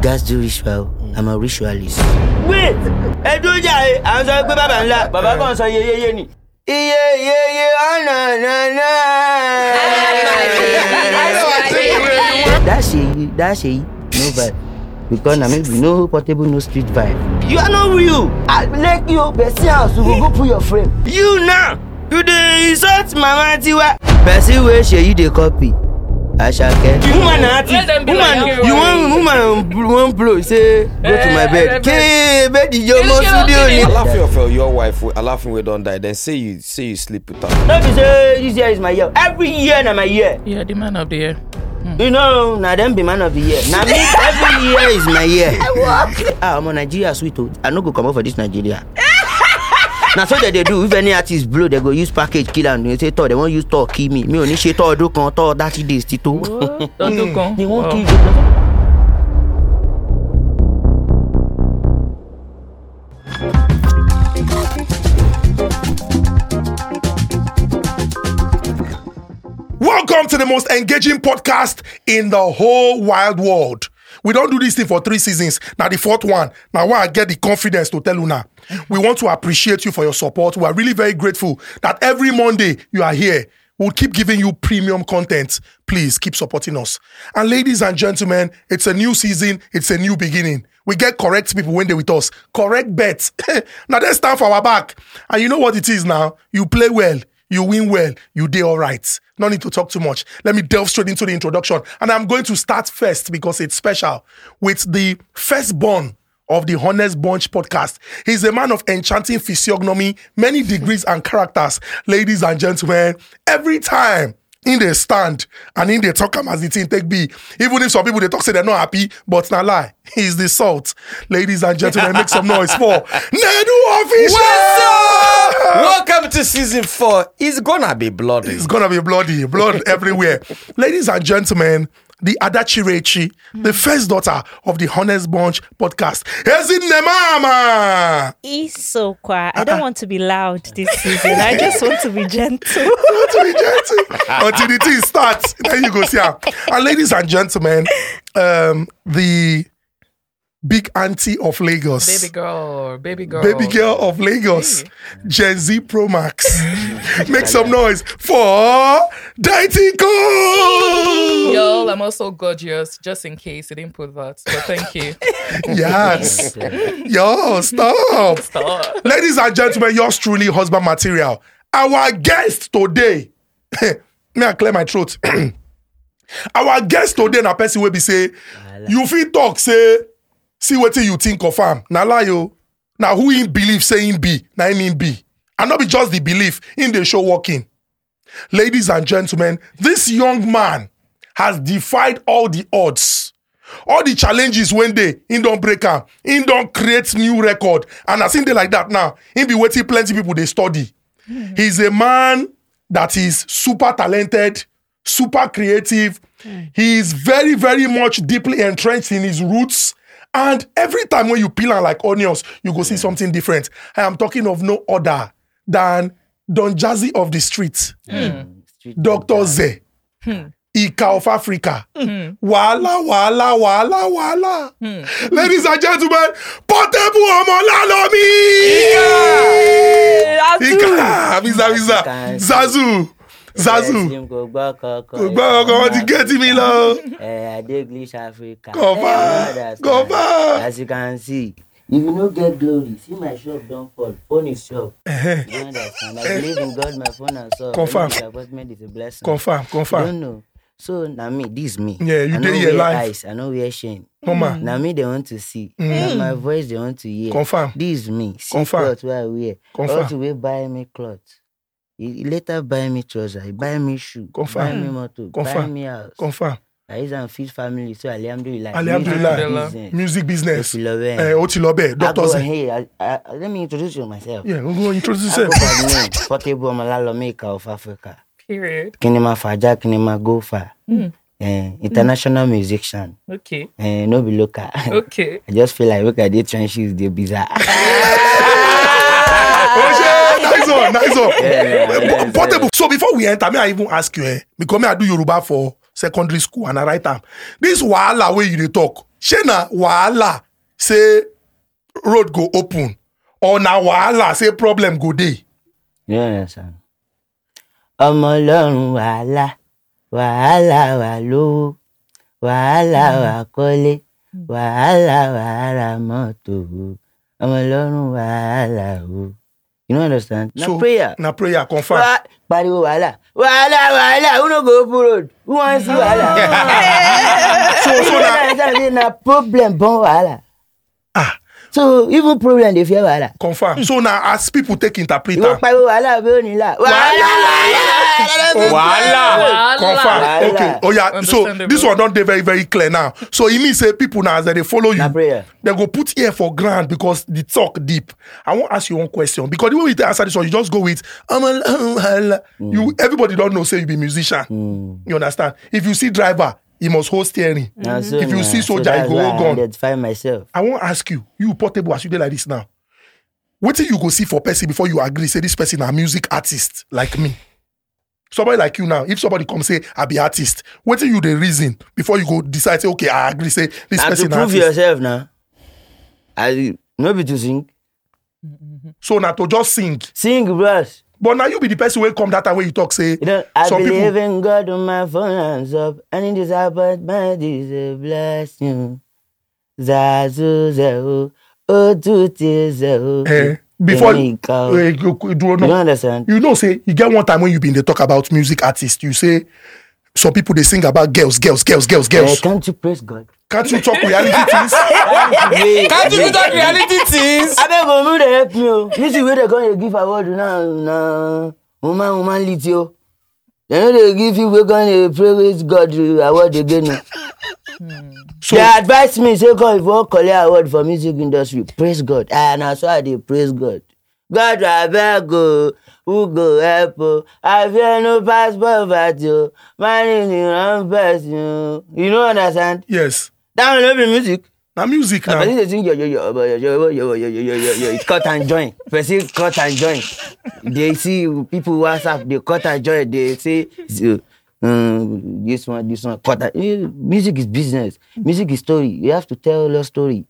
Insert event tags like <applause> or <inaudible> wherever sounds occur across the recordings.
gats do ritual i'm a ritualist. wait ẹdún jàre à ń sọ pé bàbá ńlá bàbá kan sọ yeyeye ni. iye iye iye ọ̀nà nànà. that's Seyi that's Seyi no vibe because na me no portable no street vibe. you are not real. i like you besi house we go go pull your frame. you now you dey insult mama tiwa. person wey Seyi dey copy Àṣàkẹ́. the woman na active woman you wan woman wan blow say go to my eh, bed eh, kee bẹ́ẹ̀dì yóò mọ studio ni. aláfin of your wife aláfin wey don die then say you say you sleep with her. no be say this year is my year every year na my year. you are the man of the year. Hmm. you know na dem be man of the year na me every year is my year. <laughs> ah ọmọ nàìjíríà sweet o i no go comot for dis nigeria. Eh, na so dem dey do if any artist blow dem go use package kill am dem say tọ dem wan use tọ kill me mi ò ní ṣe tọ ọdún kan tọ thirty days ti tó. Hmm. Welcome to the most engaging podcast in the whole wide world. We don't do this thing for three seasons. Now the fourth one. Now why I get the confidence to tell Una. We want to appreciate you for your support. We are really very grateful that every Monday you are here. We'll keep giving you premium content. Please keep supporting us. And ladies and gentlemen, it's a new season. It's a new beginning. We get correct people when they with us. Correct bets. <laughs> now that's time for our back. And you know what it is now? You play well. You win well. You do all right no need to talk too much. Let me delve straight into the introduction. And I'm going to start first because it's special with the firstborn of the Honest Bunch podcast. He's a man of enchanting physiognomy, many degrees and characters. Ladies and gentlemen, every time in the stand and in the talk as it is. in take be even if some people they talk say they're not happy but not lie he's <laughs> the salt ladies and gentlemen make some noise for <laughs> nedu official. welcome to season four it's gonna be bloody. it's gonna be bloody blood everywhere <laughs> ladies and gentlemen the Adachi Reichi, mm. the first daughter of the Honest Bunch podcast. the Mama! He's so quiet. I don't want to be loud this season. I just want to be gentle. <laughs> want to be gentle until the tea starts. Then you go see her. And ladies and gentlemen, um, the big auntie of Lagos. Baby girl, baby girl. Baby girl of Lagos. Hey. Gen Z Pro Max. <laughs> Make some noise for Dainty Girl. Y'all, I'm also gorgeous, just in case you didn't put that. So thank you. <laughs> yes. Yo, stop. Stop. Ladies and gentlemen, yours truly, husband material. Our guest today. <laughs> May I clear my throat? <clears throat> Our guest today na person will be say, you feel talk, say, see what you think of him. Now lie yo. Now who in believe saying B? be na him him be and not be just the belief in the show working ladies and gentlemen this young man has defied all the odds all the challenges they in do don break in do don create new record and I seen they like that now him be waiting plenty people They study mm. he's a man that is super talented super creative mm. he is very very much deeply entrenched in his roots And every time when you peel am like onions, you go see something different. I am talking of no other than Don Jazzy of the hmm. Hmm. street, mm. Dr. Z, Ika of Africa. Mm. Wala, wala, wala, wala. Mm. Ladies and gentlemen, Portable Omolalomi! Ika! Ika! Visa, visa. Zazu! zazu kò gbọ́ kankan wọ́n ti gẹ́tì mi lọ. adeglish africa kọfà kọfà. as you can see if you no get glory see my shop don fall phone is shop. you understand i believe in god my phone and soul confirm disappointment is a blessing. confirm confirm. you know so na me this me. yeah you dey here live. i no wear eyes i no wear shame. mama mm. na me dem want to see. Mm. na my voice dem want to hear. confirm this me see confirm. cloth wey i wear. confirm all to wey buy me cloth he later buy me trouser he buy me shoe confirm. buy me motor confirm. buy me house confirm. I use am feed family so alhamdulilah. like music business o ti lọ bẹẹ doctor say. hey I, I, let me introduce you myself. yeah go introduce yourself. I'm from name portable ọmọlálọmí ìka of Africa. period. kí ni ma fa go fa. Mm. Eh, international mm. musician. Okay. Uh, no be local. Okay. <laughs> I just feel like look at the trenches, they're bizarre. <laughs> nice one, nice one. Yeah, yeah, Portable. So before we enter, may I even ask you, eh, because me I do Yoruba for secondary school and I write them. This wahala way you dey talk, shey na wahala say road go open or na wahala say problem go dey. Yeah, yeah, sir. wàhálà wàhálà wà lówó wàhálà wà kọ́lé wàhálà wà ra mọ́tò ọmọ ọlọ́run wàhálà You don't understand? So, na prayer. Na prayer, confirm. Pariwo wala. Wahala, wahala. Who no go open road? Who wan see wahala? <laughs> so, so na... na problem born wahala. Ah. so even problem dey fear wahala. confam so na as people take interpret am. ìwọ pariwo wàhálà bí ó nílà. wàhálà wàhálà confam okay oh, yeah. so this one don dey very very clear now so e mean say people na as dem dey follow you dem go put ear for ground because the talk deep i wan ask you one question because the way we take answer this one you just go with amala amala mm. you everybody don know say you be musician mm. you understand if you see driver he must hold steering. Mm-hmm. So, if you man. see soldier, so he go hold gun. Identify myself. I wan ask you, you portable as you dey like this now. What Wetin you go see for person before you agree say this person a music artist like me? Somebody like you now, if somebody come say I be artist, what wetin you the reason before you go decide say okay I agree say this na person na artist. Na to prove yourself now. I no be to sing. So now to just sing. Sing bros but now you be the person wey come that time when you talk say. You know, I some believe people... in God with my phone hands up, and it is about my days a blessing. Zazu zehu, otuti zehu. Eh, before you, uh, you, you, do not, you understand, you know say you get one time when you been dey talk about music artist, you say some people they sing about girls, girls, girls, girls, girls. Uh, can't you praise God? Can't you talk reality <laughs> things? can't you talk reality things? I beg of you to help me. Oh. This is where they're going to give award now. now woman, woman, lead you. They know they give you we're going to praise God award again. Hmm. So, they advise me say God if you wan collect award for music industry praise God ah na so I dey praise God god abeg o who go help o i fear no pass poverty o marry the wrong person o you know understand. yes. that will no be music. na music na. person dey sing yoyo yobo yoyo yobo yoyo yoyo cut and join person cut and join dey see people whatsapp dey cut and join dey say. Um, this one, this one, cut. That. Music is business. Music is story. You have to tell your story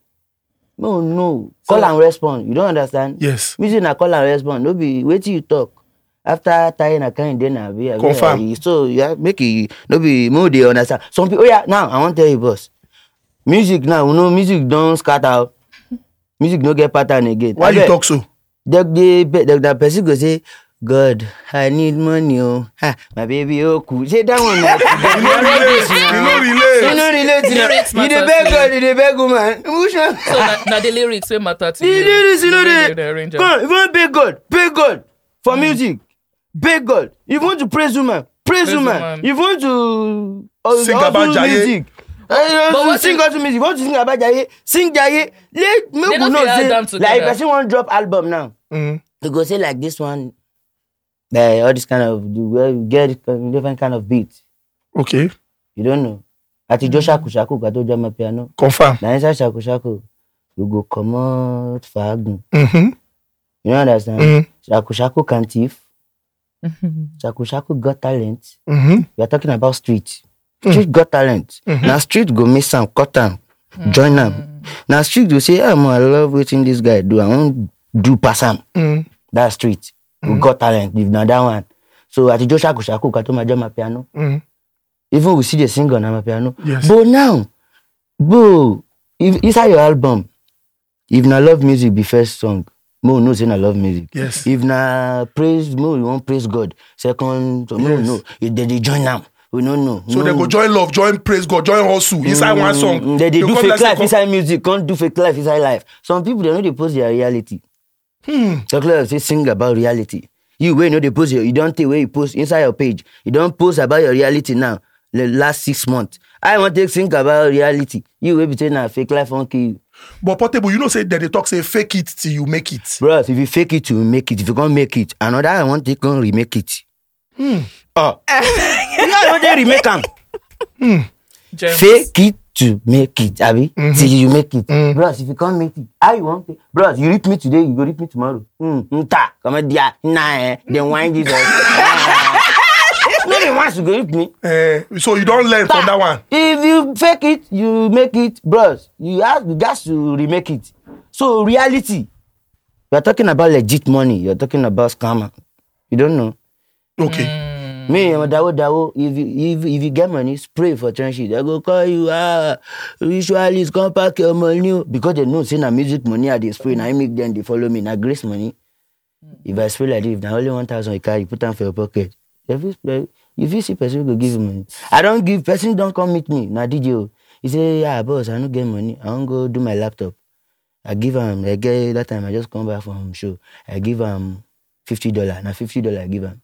no no oh. call and respond you don understand yes music na call and respond no be wetin you talk after na account dey na be confam so yeah, make e no be mo dey understand some people oh yeah, now i wan tell you boss music now you know music don scatter music no get pattern again why you talk so dem dey dem na person go say God, I need money oh! Ah, my baby oh, cool. Say that one. dáhùn náà? Inú relate. Inú relate. Inú relate. You dey beg God, you dey beg woman. So na the lyrics wey matter to <laughs> you. The lyrics you know dey. Come, you want to beg God, beg God for mm. music. Beg God. If you want to praise woman, praise, praise woman. woman. If you want to uh, sing about music. Uh, but what sing gospel music. You want to sing about Jaye? Sing Jaye. Let make we know say like see one drop album now. Mm. You go say like this one uh, all this kind of you get different kind of beat. okay. you don't know Ati àtijọ́ ṣàkóṣàkó gba tó jẹ́ ọmọ piano. Confirm. confam. nàìjíríà ṣàkóṣàkó you go comot fàágùn. Mm-hmm. you know understand. Mm-hmm. ṣàkóṣàkó can thief. Mm-hmm. ṣàkóṣàkó got talent. Mm-hmm. we are talking about street. Mm-hmm. street got talent. Mm-hmm. na street go mix am cut am mm-hmm. join am. Mm. na street go say ah mo i love watching this guy do i wan do pass him. Mm-hmm. that street we mm. got talent we've done that one so àti Joshua, ṣàkóṣàkó ká tó máa jẹ́ piano. mm. even we see the singer na amapiano yes. but now boo. if inside your album if na love music be first song mo knows in na love music yes. if na praise mo you wan praise God second so, yes. mo no if dem dey join now. we no know. so no. dem go join love join praise God join hustle inside mm, one song. they dey do fake life inside music can't do fake life inside life some people they no dey post their reality. Hmm. Talk like say sing about reality. You where you de they post you don't take where you post inside your page. You don't post about your reality now. The last six months. I want to think about reality. You will be saying nah, fake life won't kill you. But portable, you know say that they talk say fake it till you make it. Bro, if you fake it, you make it. If you can't make it, another I want to remake it. Hmm. Oh. <laughs> you know they remake them. Hmm. Fake it to make it abi mm -hmm. till you make it mm. bros if you can't make it how you wan take bros you rip me today you go rip me tomorrow hmm, nta kọmẹdìá nna ẹ then wine jesus <laughs> no nobody wants to go rip me. Uh, so you don't learn Ta. from that one. if you fake it you make it bros you have the gats to remake it so reality you are talking about legit money you are talking about scammer you don't know. okay. Mm. Me and my dawo dawo, if you, if, if you get money, spray for transship. They go call you, ah, usually, it's come pack your money. Because they know, say, na music money I dey spray, na I make them, they follow me, na grace money. If I spray like this, if na only thousand. you carry, put them for your pocket. If You if you see person go give money. I don't give, person don't come meet me, na did you? He say, yeah, boss, I no get money. I don't go do my laptop. I give him. I get, that time I just come back from show. I give him am $50, na dollar I give him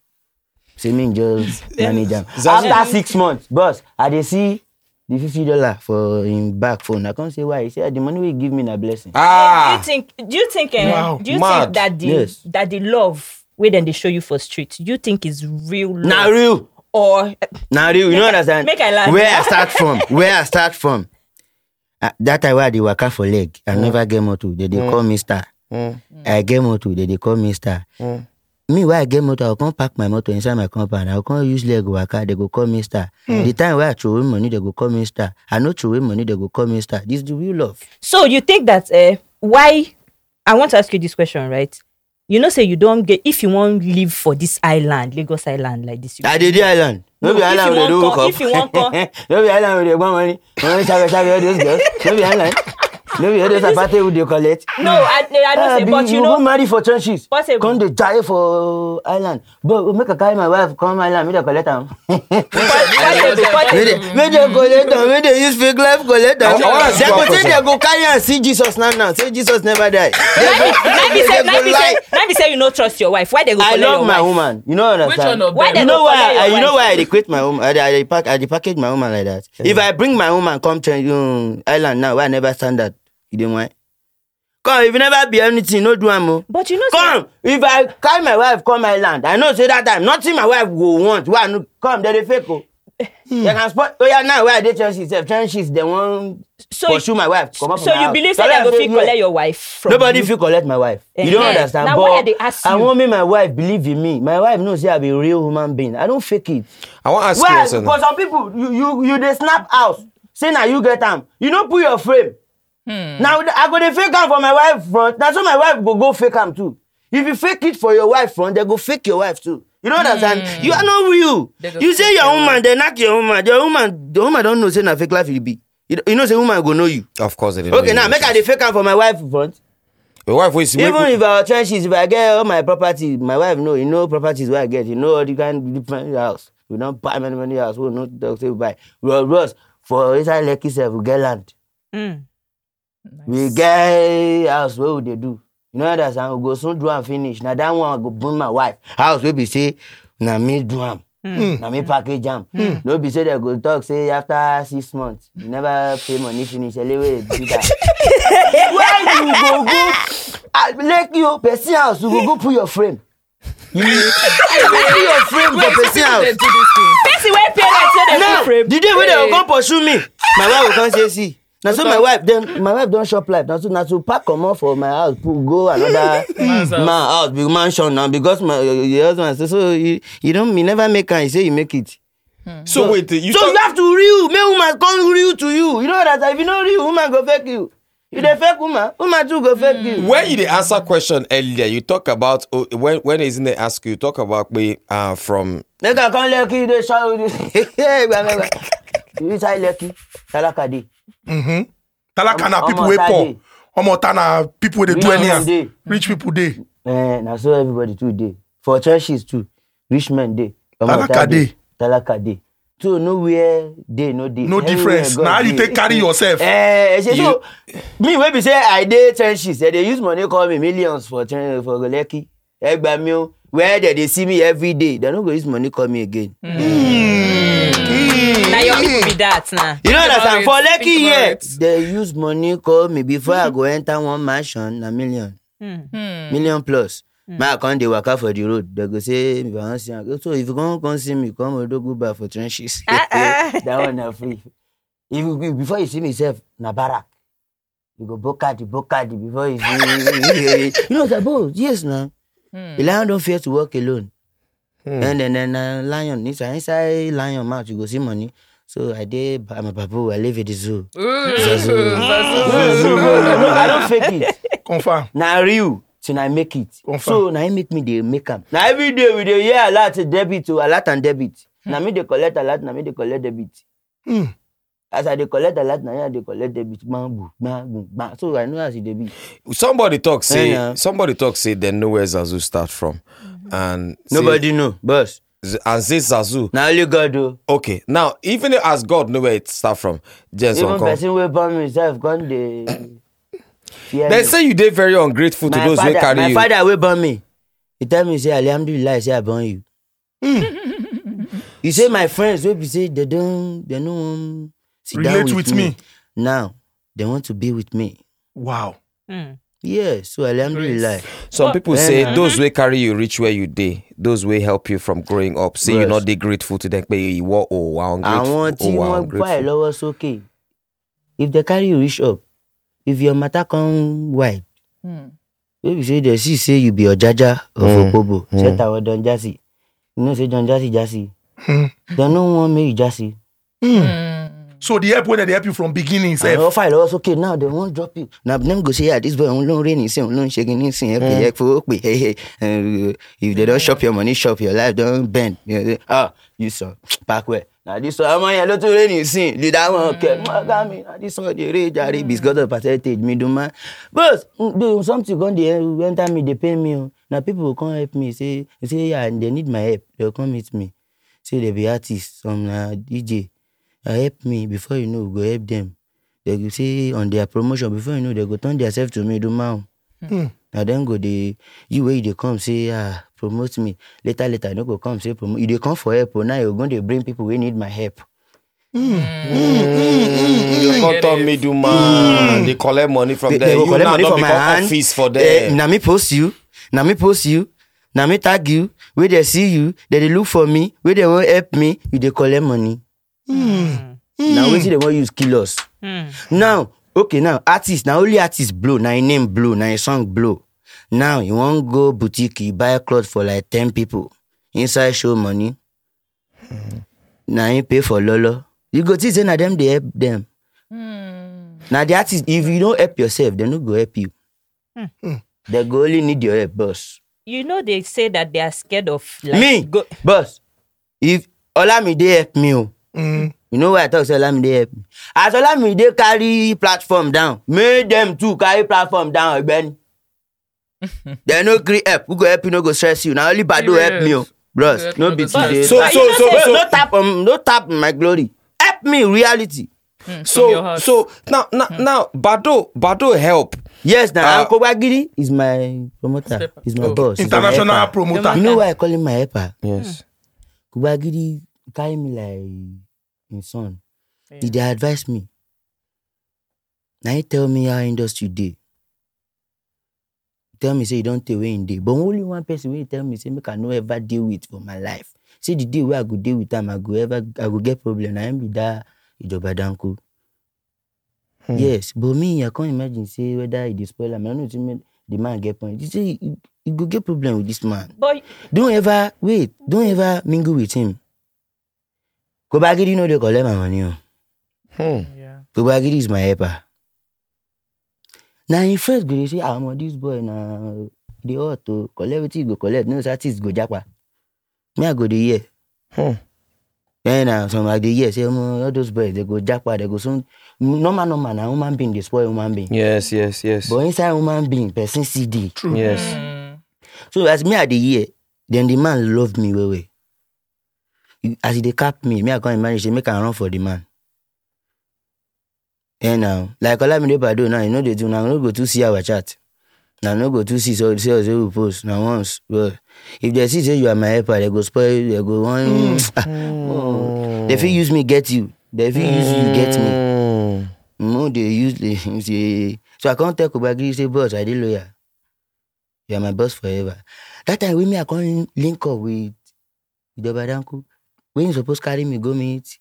semin just <laughs> manage am after six months boss i dey see the fifty dollar for him back phone i come say why he say ah, the money wey he give me na blessing. ah do you think do you think uh, wow. do you Mad. think that the yes. that the love wey dem dey show you for street do you think is real love. na real or. na real you no understand make i laugh where i start from <laughs> where i start from uh, that time wey i dey waka for leg i mm. never get motor dem dey mm. call me star mm. i get motor dem dey call me star. Mm meanwhile i get motor i go come park my motor inside my compound i go come use leg waka dey go call me star the time wey i throway money dey go call me i no throway money dey go call me this the real love. so you think that uh, why i want to ask you this question right you know say you don get if you wan live for this island lagos island like this. i dey dey island no be island we dey do work up no be island we dey gbọ́ money money sabi sabi all those girls no be island. no be others aparte who dey collect. no i i not uh, ah, say but you know. you go marry for trenches. possible come to die for island but we make a guy, my wife come island make a collect am. possible possible. make dem collect am use fake life collect They dem go say dem go carry and see jesus now now say jesus never die. na be say na be say you no trust your wife why they go collect your wife. i love my woman you no understand. which one of them. you know why i you know why i dey my woman i dey pack i package my woman like that. if i bring my woman come to um, island now i never stand that. You dey whine come if you never be anything no do am but you know come if i carry my wife come land, i know say that time nothing my wife go want wey come dem dey fake hmm. They can spot. Oh yeah, now where I dey trenches, sef trenches they wan so pursue my wife. Comot so so you believe that dem go fit collect your wife from nobody you? Nobody collect my wife. Uh-huh. You don't understand. Now but why I dey ask you? I wan make my wife believe in me. My wife knows say I be a real human being. I don't fake it. I wan ask well, you something. Well, for some people, you you you they snap out. say now you get am. You no put your frame. Hmm. Now I go dey fake am for my wife front. Na so my wife go go fake am too. If you fake it for your wife front, they go fake your wife too. You know what I'm saying? Hmm. You are not real. You say your woman, they knock your woman. Your woman, the woman don't know say na fake life you be. You, know say woman go know you. Of course they Okay, know now make I dey fake am for my wife front. Your wife wey see. Even if I change if I get all my property, my wife know. You know properties where I get. You know all the kind different house. We don't buy many many house. We no talk say we buy. We Rolls for inside Lekki sef we get land. Mm. We get house wey we dey do. You know that I go soon do am finish. Na that one I go bring my wife. House wey be say na me do am. Mm. Na me package am. Mm. No be say dem go talk say after six months you never pay money finish. Elewe do that. <laughs> When you go go Lekki o, person house you go go put your frame. you pay your frame for person house. Person wey pay like say dem put frame. The day wey dem go come pursue me, my wife go come say see na so uh, my wife dem my wife don chop life na so na to pack comot for my house put go another <laughs> man house big mansion now because my your husband say so you you don you never make am you say you make it. Hmm. So, so wait, you so talk- you have to real make woman come real to you. You know that if you no real, woman go fake you. You dey fake woman, woman too go fake you. Hmm. When you dey answer question earlier, you talk about oh, when when isn't they ask you, talk about me uh, from. They can come lucky, dey shout. Yeah, which I lucky, talakadi. Mm-hmm. Talaka na people wey poor. Omota na people wey dey do anyhow. Rich people dey. Eh, na so everybody too dey. For churches too, rich men dey. Talaka dey. Talaka dey. So nowhere dey no dey. No difference. Na how you take carry yourself. Eh, eh say, so me wey be say I dey churches, dem eh, dey use money call me millions for for Lekki. Ẹ eh, where dem dey see me every day, dem no go use money call me again. Mm. Mm people be that now. You know understand? For lucky yet. they use money call me before I go enter one mansion, a million. Hmm. Hmm. Million plus. My hmm. account they work out for the road. They go say, if I want you, so if you come come see me, come do Odogu bar for trenches. <laughs> Ah, ah, ah. <laughs> that one are free. If you, before you see me sef, na barak. You go bokadi bokadi before you see. <laughs> you know suppose yes na. Mm. The lion don't fear to walk alone. Mm. And then, then uh, lion inside inside lion mouth you go see money. So I did I'm a babu. I live at the zoo. Mm. Zazu. <laughs> No, I don't fake it. Confirm. Na real. So now I make it. Confirm. So now I make me the make them. Now every day we dey Yeah, a lot debit to oh, a lot and debit. Hmm. Now me they collect a lot. Now me they collect debit. Hmm. as i dey collect a lot, here i dey collect debit gbangbu gbangbu gbang so i know as e debit. somebody talk say yeah, yeah. somebody talk say dem know where zazu start from mm-hmm. and. nobody say, know boss and say Zazu. Now only God do. Oh. Okay, now even as God know where it start from, Jenson. Even come. person wey burn himself gone dey. <coughs> they say you did very ungrateful my to those who carry my you. my father will burn me he tell me say alhamdulilah say i burn you. Mm. <laughs> he say my friends will be say they don't. they no wan sit Relate down with, with me. me now they want to be with me. wow. Mm yeah so alhamdulillah some people say uh-huh. those wey carry you reach where you dey those wey help you from growing up say you no dey grateful to them pé ìwọ o wa ungrateful o wa ungrateful. àwọn tí wọ́n gbá ẹ̀ lọ́wọ́ sókè if they carry you reach up if your matter come wide hmm. wey be say they see say you be ojaja of mm. opobo mm. set our don jasi you know say don jasi jasi hmm. they no wan make you jasi. Hmm. Hmm so the help wey dem dey help you from beginning sef. Eh? àwọn file ìlọwọ Okay, now dem wan drop you na dem go say ah this boy òun ló ń rí nísìn òun ló ń ṣe kí nísìn help you help you pé if they don chop your money chop your life don bend ah you sọ park well na this one ọmọ yẹn ló tún rí nísìn leader hmm. wọn kẹ mọgá mi na this one dey rí jàre because of percentage mi dùn mọ but something come dey eh, enter me dey pain me o oh. na people come help me say say yeah, they need my help they come meet me say they be artist some na uh, dj. Uh, help me before you know go help them. They go see on their promotion before you know they go turn themselves to me. middleman o. Hmm. Hmm. now then go the you wey they come say ah promote me later later you no go come say promote you dey come for help now you're going to bring people who need my help. Hmm. You come turn middleman They collect money from dem you now don become office for dem. Eh, now me post you, Now me post you, Now me tag you, Where they see you, they look for me, Where they won't help me you they collect money. Mm. Mm. na wetin dem wan use kill us mm. now okay now artists. Now only artists blow Now im name blow Now im song blow now you wan go boutique you buy cloth for like ten people inside show money mm. na im pay for lolo you go think say na dem dey help them. mm. na the artist if you don't help yourself they no go help you mm. dem hmm. go only need your help boss. you know they say that they are scared of. Like, me go- boss if olamide help me oh. Mm. You know why I talk say Olamide help me? As Olamide carry platform down, make them too carry platform down, Egbeni. <laughs> they no gree help. Who go help you, no go stress you. Now only Bado yes. help me, oh. Bros, no be today. So, so, so, so, so, no tap, um, no tap my glory. Help me, reality. Mm, so, so now, now, mm. now, Bado, Bado help. Yes, now uh, Uncle Wagiri is my promoter. He's my oh, boss. International promoter. You know why I call him my helper? Yes. Mm. Kubagiri carry me like im son did they advise me Now im tell me how industry dey tell me say you don't tey wey im dey but only one person wey e tell me say make i no ever deal with for my life say the day where i go deal with am i go ever i go get problem I am be that Ijoba Danko hmm. yes but me i can't imagine say whether e dey spoil am i know say make the man get point you say you go get problem with this man but don't ever wait don't ever mingle with him Kobagiri no dey collect my money o. Hmm. Kobagiri is my helper. Na in first go dey say omo dis boy na dey hot to collect wetin you go collect no artist go japa. Me I go dey hear. Hmm. Then na some I dey hear say omo all those boys dey go japa dey go soon. Normal normal na human being dey spoil human being. Yes yes yes. But inside human being person still dey. True. Yes. Hmm. So as me I dey hear then the man love me well well as e dey cap me me i come imagine say make i run for the man ehn na like olamide badoo now You know they do na no go to see our chat na no go to see so say us wey we post Now once well if they see say you are my helper they go spoil They go wan They feel use me get you They feel use you get me mm. no they use the say <laughs> so i can't tell kobagiri say boss i did lawyer. you are my boss forever that time wey me i come link up with idoba danko When you suppose carry me go meet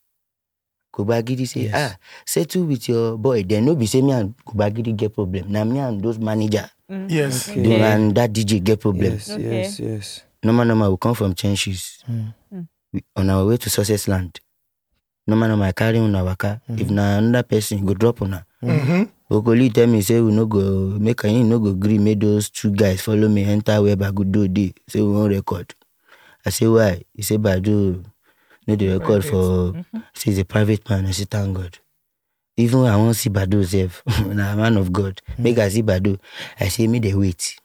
Kobagidi say, yes. ah, settle with your boy. Then no be say me and Kobagidi get problem. Now me and those manager. Mm. Yes. Okay. Then, and that DJ get problem. Yes, okay. yes, yes. Normal, normal, we come from changes. Mm. Mm. We, on our way to success land. Normal, normal, I carry on our car. Mm. If na another person, go drop on her. Mm-hmm. Okoli tell me say we no go make any no go gree make those two guys follow me enter where I go do day. Say we won't record. I say why? He say do. No, they record for, mm-hmm. she's a private man and say, thank God. Even when I want to see Badu self, <laughs> I'm a man of God, mm-hmm. make I see Badu, I say, me, they wait.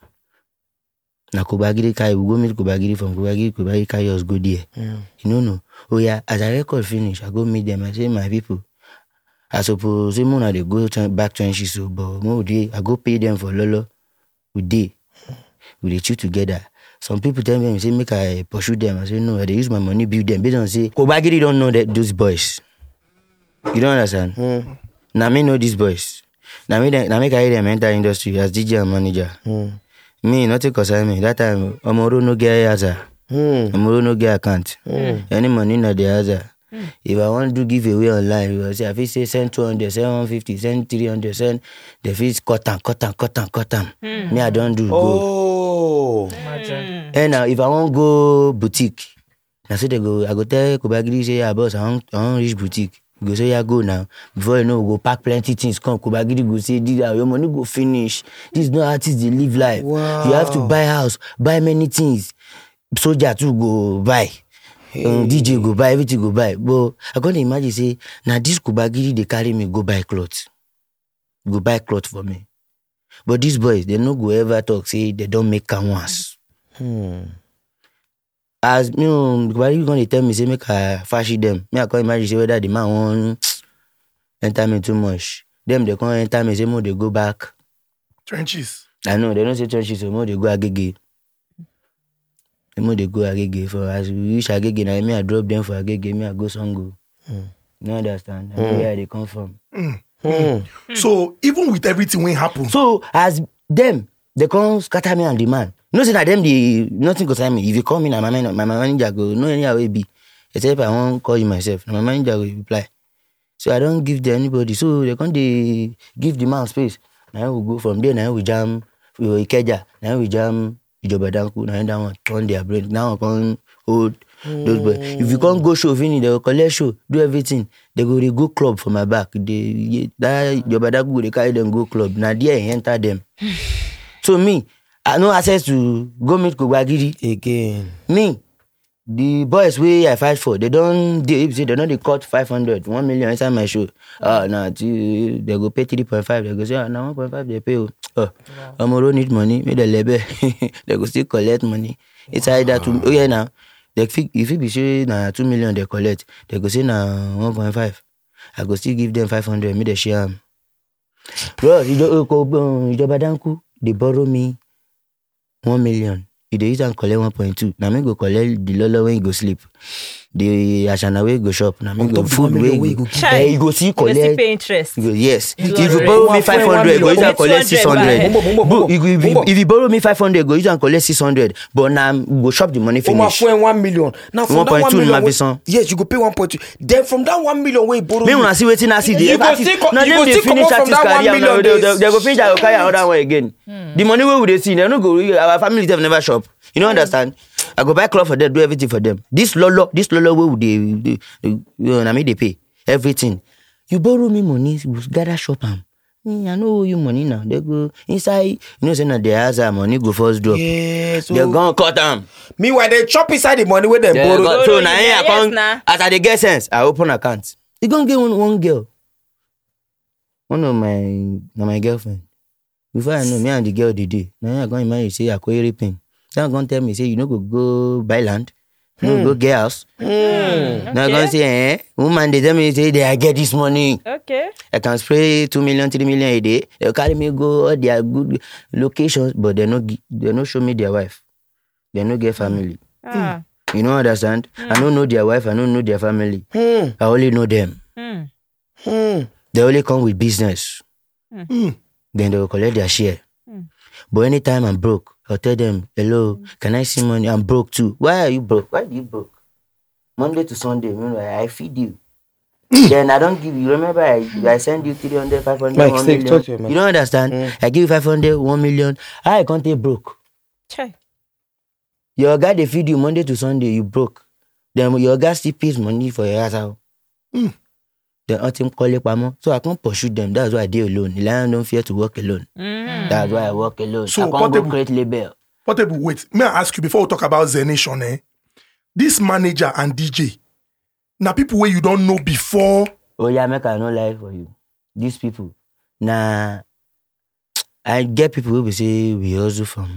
Na Kubagiri Kai, we go meet Kubagiri from Kubagiri, Kubagiri Kai, was go there. You know, no. Oh, yeah, as I record finish, I go meet them, I say, my people. I suppose they Mona they go to, back to Nshiso, but more day I go pay them for Lolo. We day. We they chew together. Some people tell me say make I pursue them. I say no, I dey use my money build them. Based on say Kobagiri don know that those boys. You don't understand? Mm. Na me know these boys. Na me na me carry them enter industry as DJ and manager. Mm. Me nothing concern me. That time Omoro no get answer. Mm. Omoro no get account. Mm. Any money na the answer. Mm. If I want to do giveaway online, you say if fit say send 200, send 150, send 300, send the fees cut and cut and cut and cut and. Mm. Me I don't do oh. go. And eh, now, if I want go boutique, I say they go, I go tell Kubagiri say, yeah, boss, I want, I want reach boutique. You go say, yeah, go now. Before you know, we go pack plenty things, come. Kubagiri go say, this, ah, your money go finish. This no artist, they live life. Wow. You have to buy house, buy many things. Soldier too go buy. Um, hey. Um, DJ go buy, everything go buy. But I can't imagine, say, now this Kubagiri they carry me, go buy clothes. Go buy clothes for me. But these boys, they no go ever talk, say, they don't make can once. Hmm. As me, why you gonna tell me say make I fashi them? Me, I can't imagine say whether the man won't enter me too much. Them they can't enter me say more they go back. Trenches. I know they don't say trenches, so more they go agege. The more they go agege for as we reach agege, now me I drop them for agege, me I go songo. Mm. You understand? Mm. I hmm. know where they come from. Mm. Mm. So even with everything when happen. So as them, they come scatter me and the man. You know, say that them, they, nothing go tell me. If you call me now, my, man, my, my manager go, no, anyhow, it be. Except I won't call you myself. Now, my manager will reply. So I don't give to anybody. So they can't they give the man space. Now we go from there, now we jam, we will Ikeja, now we jam, Ijoba Danku, now that one turn their brain. Now I can hold mm. those boys. If you can't go show finish, they will collect show, do everything. They go, they go club for my back. They, that Ijoba Danku, they carry them go club. Now there, enter them. <sighs> so me, I no access to go meet Kogwagiri. Again. Me, the boys we I fight for, they don't dey if say they don dey cut five hundred, one million inside my show. Ah, na they go pay three point five. They go say ah, na one point five they pay o. Oh, ah, Omoro need money, make dem lebe. <laughs> they go still collect money. It's either that two, oh yeah na, they e fit if it be sure na two million they collect, they go say now one point five. I go still give them five hundred, make the share you don't am. you don't badanku. They borrow me One million you dey use am collect one point two. na me go collect the lawlaw wen you go sleep the ashana wey go shop na me go food wey go eh you go see collect you go yes if you borrow me five hundred go use am collect six hundred if you borrow me five hundred go use am collect six hundred but na go shop the money finish. o ma fún one million na from one that one million wey yes you go pay one point two then from that one million wey you borrow me. make una see wetin i see dey artist na dem dey finish artist career now. dem go finish i go carry another one again the money wey we dey see dem no go our family sef never shop. You don't understand? I go buy cloth for them, do everything for them. This lolo, this lolo wey we they, you know, na me dey pay everything. You borrow me money, you gather shop them. I know owe you money now. They go inside, you know, say na the house our money go first drop. Yeah, so they gonna cut am. Meanwhile, they chop inside the money wey dem borrow. Go, so na here I come, as I get sense, I open account. You gonna get one, one girl. One of my, my girlfriend. Before I know, me and the girl dey dey. Na I gonna marry say Akoyere pin. Now gonna tell me say you no go go buy land, you no go hmm. get house. Mm. Now gonna say eh, woman they tell me say they I get this money. Okay. I can spray two million, three million a day. They carry me go all their good locations, but they no they no show me their wife. They no get family. Hmm. Ah. You know understand? Mm. I don't hmm. know their wife. I don't know their family. Mm. I only know them. Mm. Mm. They only come with business. Mm. Then they will collect their share. But anytime I'm broke, I'll tell them, hello, can I see money? I'm broke too. Why are you broke? Why are you broke? Monday to Sunday, you know, I feed you. <clears throat> then I don't give you. Remember, I, I send you 300, 500, Mike, 1 million. You, you, don't understand. Mm. I give you 500, 1 million. I can't take broke. Sure. Your guy, they feed you Monday to Sunday, you broke. Then your guy still pays money for your house. Mm. then wọ́n call ń kọ́lé pamọ́ so I can't pursue them that's why I dey alone the lion don fear to work alone mm. that's why I work alone so I can't go create label. Portable wait may I ask you before we talk about Zenation eh this manager and DJ Now, people where you don't know before. Oh yeah, make I no lie for you these people na I get people wey be say we also from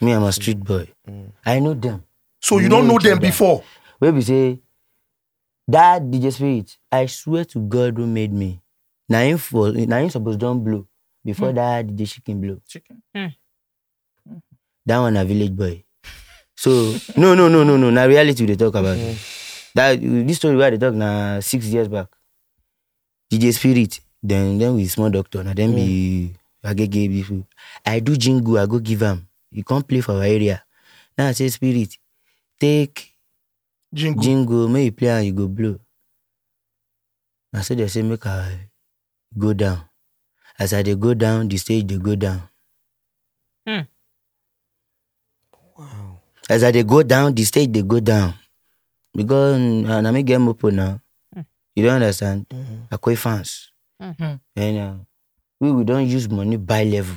me I'm a street boy mm. I know them. So you, you don know, them before. Where we say That dj spirit i swear to god who made me Now him for na him suppose blow before mm. dat dj chicken blow chicken. Mm. dat one a village boy so no no no no no Now reality they talk about mm. that this story where they talk now six years back dj spirit then then we small doctor na then mm. be agege people i do jingle i go give him. he come play for our area now i say spirit take jingle jingle make you play and you go blow I said, dem say make i go down as i they go down the stage they go down Hmm. wow. as i they go down the stage they go down because uh, na game get now hmm. you don't understand mm-hmm. akoi fans mm-hmm. and uh, we we don't use money by level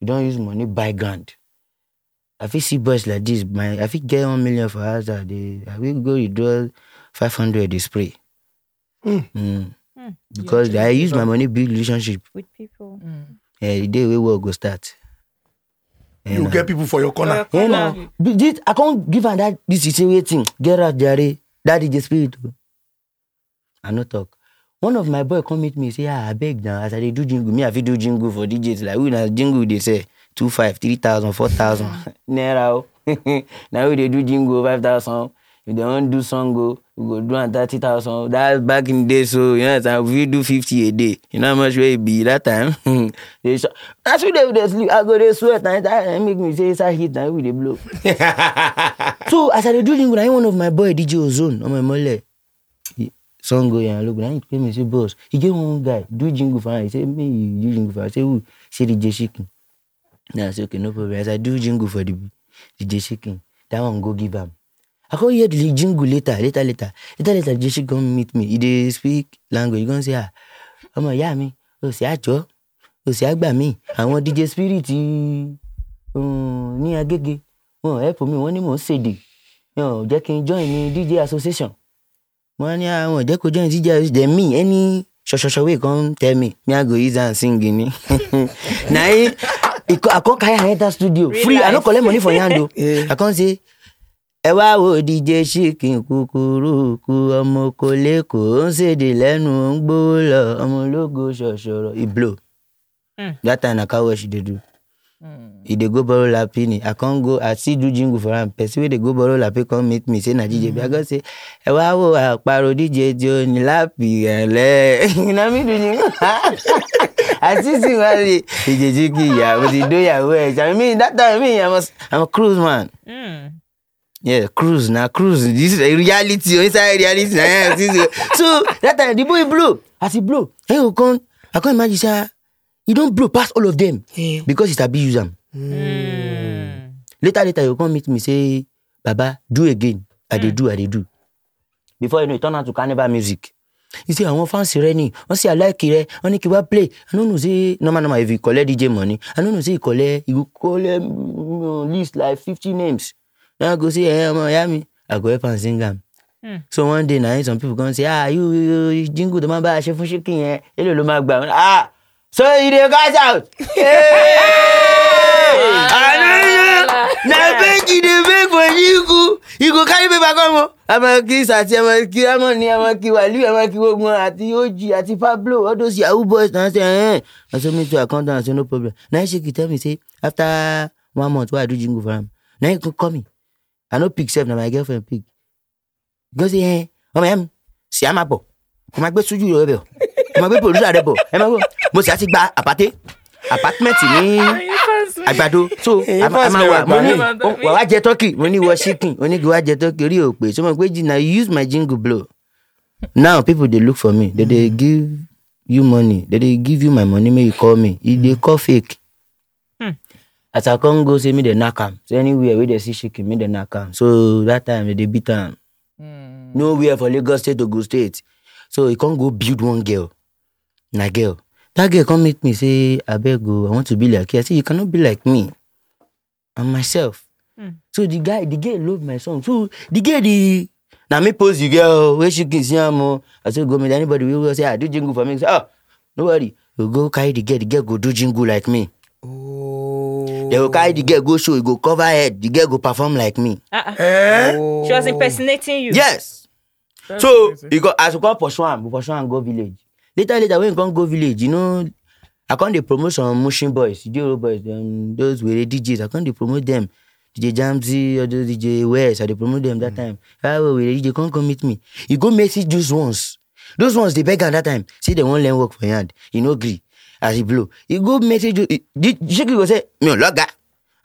we don't use money buy ground. I fit see boys like this. my I fit get one million for house I dey I will go withdraw five hundred They spray. Mm. Mm. Mm. Because I use my money build relationship. With people. Mm. Yeah, the day we will go start. Yeah, you na. get people for your corner. For your corner. Yeah, na. This, I can't give am that this is waiting. Get out Jerry. Eh? That is the spirit. Oh. I no talk. One of my boy come meet me say, yeah, I beg now. As I dey do jingle, me I fit do jingle for DJs. Like we na jingle They say two five three thousand four thousand ah. <laughs> naira o <laughs> Now we dey do jingle five thousand We dem wan do song o we go do am thirty thousand that back in the day so you know that time we do fifty a day you know how much wey e be that time dey shop na so dey we dey sleep i go dey sweat na that make me say inside heat na we dey blow <laughs> so as i dey do jingle, na him one of my boy dj ozone ọmọọmọlẹ sango yan logun na him pay me say boss e get one guy do jingle for am he say me do jingle for am i say who he say dj shikin Then I say, okay, no problem. As I do jingle for the DJ Shaking, that one go give him. I go hear the jingle later, later, later. Later, later, DJ Shaking come meet me. He dey speak language. He gonna say, ah, ọmọ ìyá mi, o sì àjọ, o sì àgbà I Àwọn DJ Spirit um, ní Agége, wọn help mi, wọ́n ní mò ń ṣèdè. Wọn ò jẹ́ kí n join ní DJ association. Wọ́n ní àwọn ah, ò jẹ́ kó join DJ association. Then me, any ṣọṣọṣọ wey come tell me, me I go use am sing ni. <laughs> Na i come carry am enter studio Real free life. i no collect money for yand o <laughs> i come say ẹ wá wo dj chicken kúkúrú ku ọmọ kò lẹkọọ ń ṣèdè lẹnu ń gbówó lọ ọmọ ológo ṣọṣọrọ e hmm. that time na car wash dey do e dey go borrow lapini i come go i still do jingle for am person wey dey go borrow lapi come meet me say na dj bi i go say ẹ wá wo àparò dj tí o lápì ẹ lẹ ẹ mi do jingle. <laughs> àtìsí wọn rí ìjèjì kí ìyàwó ti dóyàwó ẹ jàmí mi that time mi i'm a cruise man. Mm. yeah cruise na cruise this is reality inside reality na <laughs> yeah this is so that time the boy blow as he blow hey o come i come imagine say he don blow pass all of them yeah. because he sabi use am. Hmm. later later he come meet me say baba do again i dey mm. do i dey do before you know e turn out to carnival music. You see, àwọn fans rẹ ni wọ́n sì aláìkí rẹ wọ́n ní kí wá play i no know say normal normal if you collect dj money i no know say you collect you collect um, list like fifty names then i go say ẹ eh, ọmọ ìyá mi i go help am sing am. Hmm. so one day na some people come say ah you you jingle tó máa bá a ṣe fún ṣíkì yẹn èlò ló máa gbà ah so you dey cash out. <laughs> Hey! Ah, na benji dey beg for yiku you go carry paper come o amaki sati amaki amoni amaki waliu amaki wogun àti oji àti pablo all those yahoo boys na say ẹn eh, i say me too i come down i say no problem na him shake tell me say after one month wey i do jingle for am na him call me i no pick sef na my girlfriend pick go say ẹn eh, ọmọ ẹm sì á máa bọ̀ kò máa gbé sójú rẹ bẹ̀ ọ́ kò máa gbé pòlúsà rẹ bọ̀ ẹ máa bọ̀ mo sì á ti gba àpàtẹ apartment ní àgbàdo so àmàwà <laughs> mo ní oh, wà wá jẹ turkey mo ní wọ chicken onígi wá jẹ turkey rí òpè so mo pé jìnnà use my jingle blow now people dey look for me they dey give you money they dey give you my money make you call me e dey call fake. Hmm. as i come go say me dey knack am so anywhere wey dey see chicken me dey knack am so that time they dey beat am. Hmm. nowhere for lagos state ogun state so e come go build one girl na girl That girl come meet me say abeg o oh, i want to be like you i say you cannot be like me i'm myself mm. so the guy the girl love my song so the girl the na me pose the girl oh, where she kiss yam o oh. i say go meet anybody wey wey say ah do jingle for me say ah no worry you go carry the girl the girl go do jingle like me. Oh. They will carry the girl go show, you go cover head, the girl go perform like me. Uh-uh. Eh? Oh. She was impersonating you. Yes. That's so crazy. go as we go pursue am, we pursue am go village later later when we come go village you know i come dey promote some motion boys ijoro boys um, those were djs i come dey promote them dj jamzi all those dj west i dey promote them that mm. time Ah, were dj come come meet me he go message those ones those ones dey beg am that time say they wan learn work for yard. hand he no gree as he blow he go message you shekiri go say mi ò lọ́gàá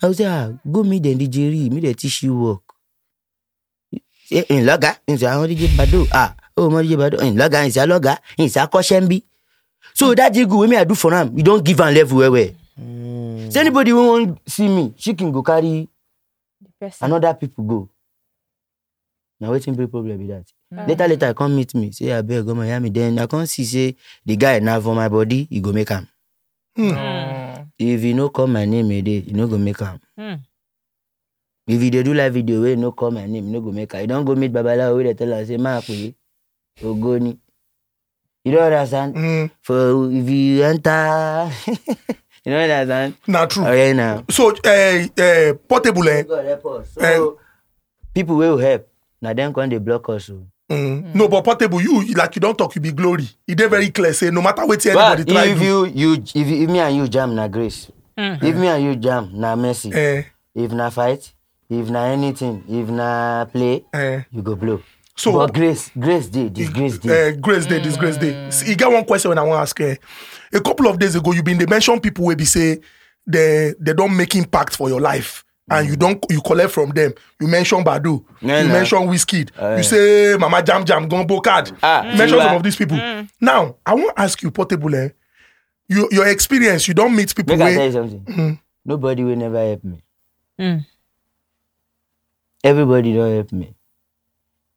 i go say ah go meet dem dj ri make dem teach you work ṣe ǹlọ́gàá ǹsọ àwọn dj bado ah oh mọdé jìbàdàn ẹn lọgà ẹn sàlọgà ẹn sàkọṣẹ ń bí so that day, go wey me i do for am you don give am level well well mm. so anybody wey wan see me chicken go carry another people go na wetin big problem be that mm. later later come meet me say abeg o miami then i come see say the guy na for my body he go make am mm. if you no call my name a day you no go make am. Mm. if you dey do live video wey you no call my name you no go make am you don go meet babalawo wey dey tell am say maa pe Ògo ni. You don't understand? Mm. For if you enter. <laughs> you know that man? Nah, true. Okay, now. So, uh, uh, portable, eh? God help us. So, uh, people will help. Now, then, when they block us. Mm. Mm. No, but portable, you, like, you don't talk, you be glory. It is very clear, say, no matter what anybody but try if you, you, if, you, if me and you jam, na grace. Mm-hmm. If me and you jam, na mercy. Eh. If na fight, if na anything, if na play, eh. you go blow. So but grace, grace day, disgrace day. Uh, grace day, disgrace eh, day. Mm. See, you got one question I want to ask. Uh, a couple of days ago, you been they mention people where be say they they don't make impact for your life. And you mm. don't you collect from them. You mention Badu, you nah. mention Whiskey, uh, you eh. say Mama Jam Jam Gumbo Card. Ah, mm. mention some of these people. Mm. Now I want to ask you, Portable, eh? you, your experience. You don't meet people. I tell you something. Mm. Nobody will never help me. Mm. Everybody don't help me.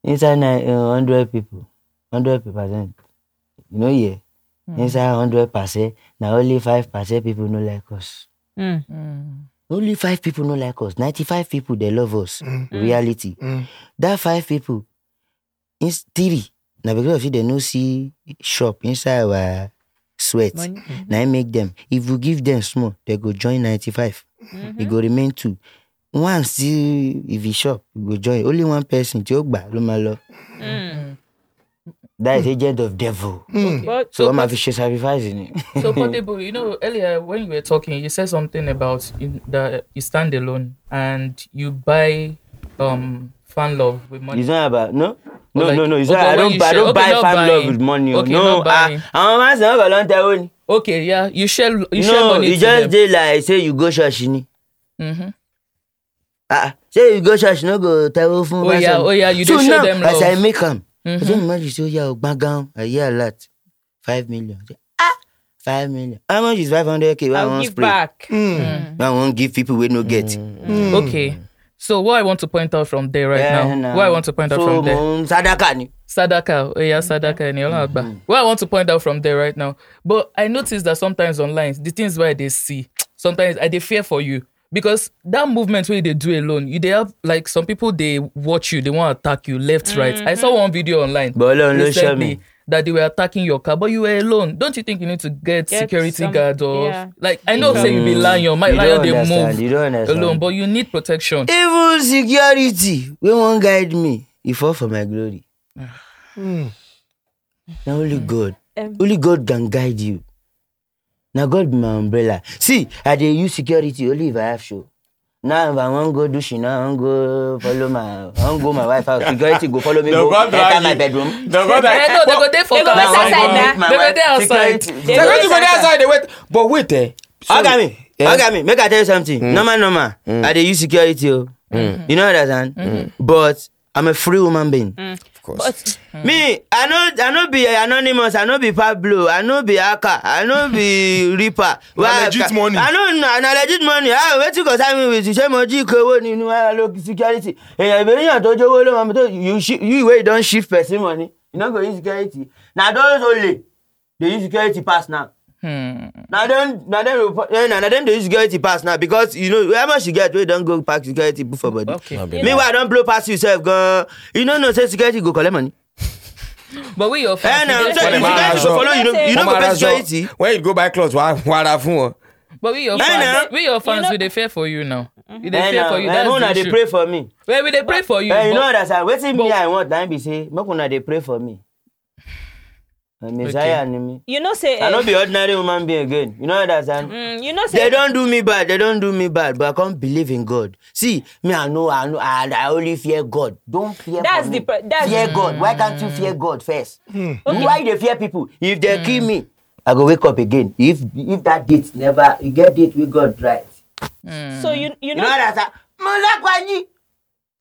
inside nine um hundred people, hundred percent you no hear. Hmm. inside hundred percent na only five percent people no like us. Mm. Mm. only five people no like us ninety-five people they love us mm. reality mm. that five people, in three na because of say dem no see shop inside our sweat now im make them. if we give them small they go join ninety-five mm-hmm. They go remain two once tí ìfi shop go join only one person tí ó gbà ló máa lọ. Mm. that is agent of devil. Mm. Okay. so wọ́n máa fi ṣe sacrifice ni. so Portable you know earlier when you were talking you said something about that you stand alone and you buy um, fan love with money. it's not about no. No, like, no no no it's okay, not I don't buy I don't okay, buy fan buying. love with money oh, okay, no ah, àwọn máa ń sàn ọkọ̀ lọ́n tẹ́wọ́ ni. okay yeah you share you no, share money to them. no you just dey like say you go church ni. Mm -hmm ah say you go church no go taro oh, yeah, oh yeah. you dey show them love as i make am i say mama you say oya o i hear a lot. five million ah five million how much is five hundred k wey i wan spray back. Mm. Mm. i won't give people wey no get. Mm. mm. okay so what i want to point out from there right yeah, now nah. what i want to point out so, from there. Um, sadaka ni. sadaka oh, Yeah, sadaka ni ọlọrun agba mm. what i want to point out from there right now but i notice that sometimes online the things where they see sometimes i they fear for you because that movement where they do alone, you they have like some people they watch you, they want to attack you left, mm-hmm. right. I saw mm-hmm. one video online but alone, recently that they were attacking your car, but you were alone. Don't you think you need to get, get security some, guards or yeah. like I know say you be mm. lying, my you lion they move you don't understand. alone, but you need protection. Even security, we won't guide me. You e fall for my glory. mm. <sighs> Now only hmm. God. Um, only God can guide you. Now god be my umbrella see i dey use security only if i have show now if i wan go do she. Now i wan go follow my I wan go my wife house security go follow me <laughs> go enter my bedroom no go dey eh, no they go there for car they go there outside They go dey outside dey wait but wait eh so agami eh, me. make i tell you something mm. normal normal mm. i dey use security o oh. mm. you know understand mm. but i'm a free woman being. Mm. course. But, mm. me, I no, I no be anonymous. I no be Pablo. I no be Aka. I no be <laughs> Reaper. Well, legit money. I no, na, legit money. Ah, wait go sign me with the same jí kowo nínú alo security. Èèyàn ìbéèyàn tó jówó ló máa tó you you wey don shift person money. You no go use security. Now those only dey use security pass now. Hmm. Now then, now then, dem na dem dey security pass now because you know how much you get we don't go pack security put for body okay. yeah. meanwhile don't blow past yourself gan you know, no know say security go collect money. <laughs> but we your friend dey eh, say you guys go follow you know, you no go pay security. when you go buy clothes? Why? Why that o. but eh, we your fans we your fans we they fear for you now. Mm-hmm. we they eh, fear for you that's the issue. una dey pray for me. well we they pray for you. you know no understand waiting me i want na be say make una dey pray for me. Messiah okay. me. You know say uh, I not eh, be ordinary human being again. You know understand? Mm, you know say they don't do me bad. They don't do me bad, but I can't believe in God. See, me I know I know I, I only fear God. Don't fear. That's the pr- that's fear mm. God. Why can't you fear God first? Mm. Okay. Why they fear people? If they mm. kill me, I go wake up again. If if that date never you get it with God right. Mm. So you you know, you know understand?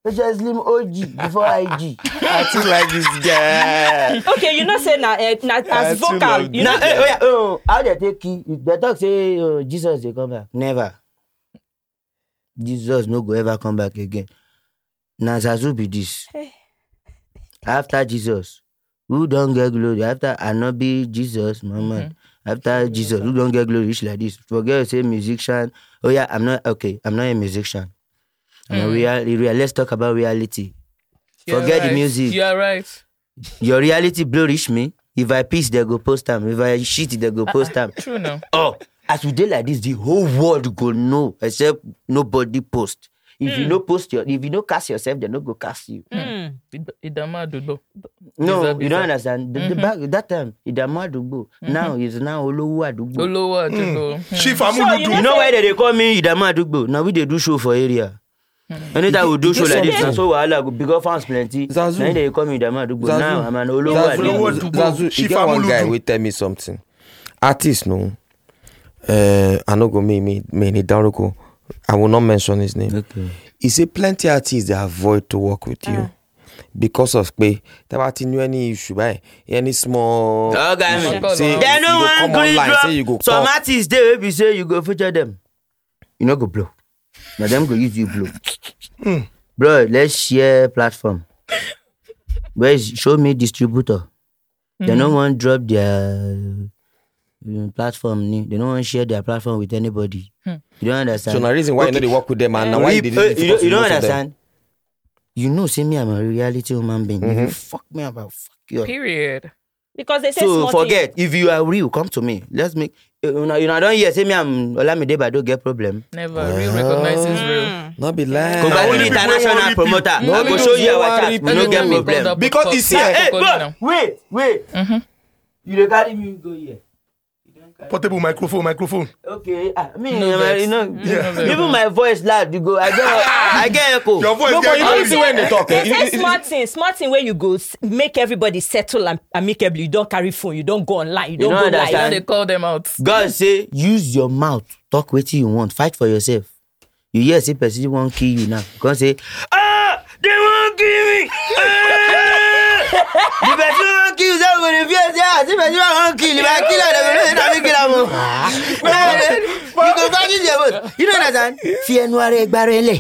Major Slim OG before IG. <laughs> I too like this guy. okay, you know say na uh, na as I vocal. you know, hey, hey, eh, eh, oh, how they take key? They talk say oh, Jesus they come back. Never. Jesus no go ever come back again. Na Zazu be this. After Jesus, who don't get glory? After I not be Jesus, Muhammad. Mm-hmm. After Jesus, who don't get glory? It's like this. Forget say musician. Oh yeah, I'm not okay. I'm not a musician. And mm. real, real, let's talk about reality. You're Forget right. the music. You are right. Your reality blow me. If I piss, they go post time. If I shit, they go uh, post time. True now. Oh, as we dey like this, the whole world go know except nobody post. If mm. you no post your, if you no cast yourself, they no go cast you. Mm. mm. Idamadubo. No, that, you don't that? understand. The, mm-hmm. the back that time, Idamadubo. Mm-hmm. Now is now Olowo Adugbo. Olowo Adugbo. Mm. Chief mm. Amududu. So, you know why they, they call me Idamadubo? Now we they do show for area. Mm. anytime we do show like this na so wahala go because fans plenty na him dey call me idama adugbo now i'm an olowo adugbo. zazu e get one guy wey tell me something artist no uh, i no go make me me daruko i will not mention his name okay. he say plenty artists dey avoid to work with uh. you ah. because of pé tábà ti ní any issue báyìí any small okay, oh, issue say you go come online say you go come. some artists dey wey be say you go feature them you no go blow na dem go use you blow. Mm. bro let's share platform where show me distributor. Mm. they no hmm. wan drop their um, platform ni they no wan share their platform with anybody. Mm. you don understand. so na reason why okay. you no dey work with them and na why you dey dey difficult to know from them. you know say me i'm a reality human being mm-hmm. you fuck me about fuck your period. because they say so small forget if you are real come to me let's make una una don hear say me and olamide bado get problem. never uh-huh. real recognize israel. Mm. no be lie. congratulate international promoter no i go show you our chat we no get problem. because e see eh hey, but wait wait mm-hmm. you dey carry me go here portable microphone microphone. okay ah me no my, you know even my voice loud you go i get <laughs> i get echo. your voice get echo. no but see when they talk. Eh? they say smart thing smart thing wey you go make everybody settle and amicably you don carry phone you don go online you don go lie. you don dey call them out. god say use your mouth talk wetin you want fight for yourself you hear say person wan kill you now come say ah dem wan kill me. <laughs> <laughs> the person who kill say we go dey fear say ah see person wey wan kill if i kill am dem go know say na me kill am o. you go come kill your boss là no understand fi ẹnu ara ẹgbàá rẹ lẹ.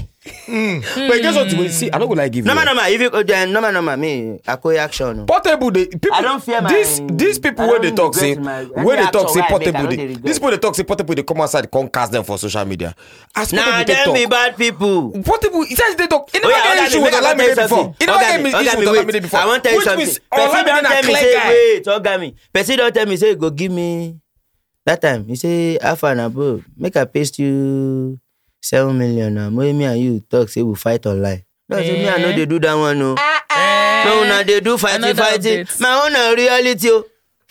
Hmm. but guess what something wey see I'm not gonna like give you No man, no man. if you then no man. me akoya action. Oh. portable dey people i don fear my this this people where they talk say where they talk say portable dey this people they talk say portable dey come outside come cast them for social media as portable dey talk be bad people. portable It says they talk e never oh, get issue with olamide before e never get issue with olamide before I want which means olamide na clear guy. wait me. person don't tell me say go give me that time he say how far na make i paste you seven million na make me and you talk say we fight online no say me and no dey do that one o eh, eh. no una dey do fighting fighting my own na reality o.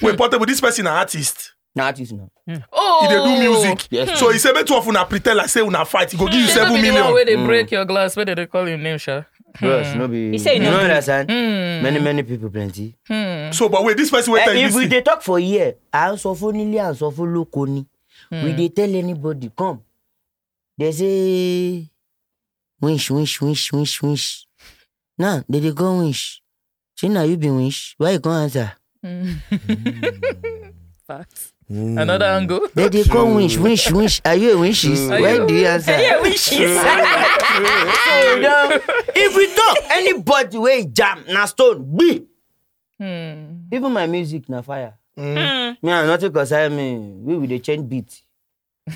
wait portable this person na artist. na artist na. Mm. Oh. he dey do music oh. yes. so he say make two of una pre ten d like say una fight he go give you hmm. seven million. you no be the one wey dey break hmm. your glass wey dey dey call him name sha. Yes, mm. no be he say you know understand mm. many many people plenty. Mm. so but wait this person wey tell you eh, if we talk for here à ń sọ fún nílé à ń sọ hmm. we they tell anybody come Dey say winch winch winch winch winch. Now they dey go winch. Shey na you be winch? Why you come answer? Mm. <laughs> Facts. Mm. Another angle. They dey call winch winch winch. Are you a winches? Why do you answer? Are you a winches? <laughs> so, now, um, if we talk anybody wey jam na stone gbi. Mm. Even my music na fire. Mm. Mm. Me and nothing concern me. We we dey change beat.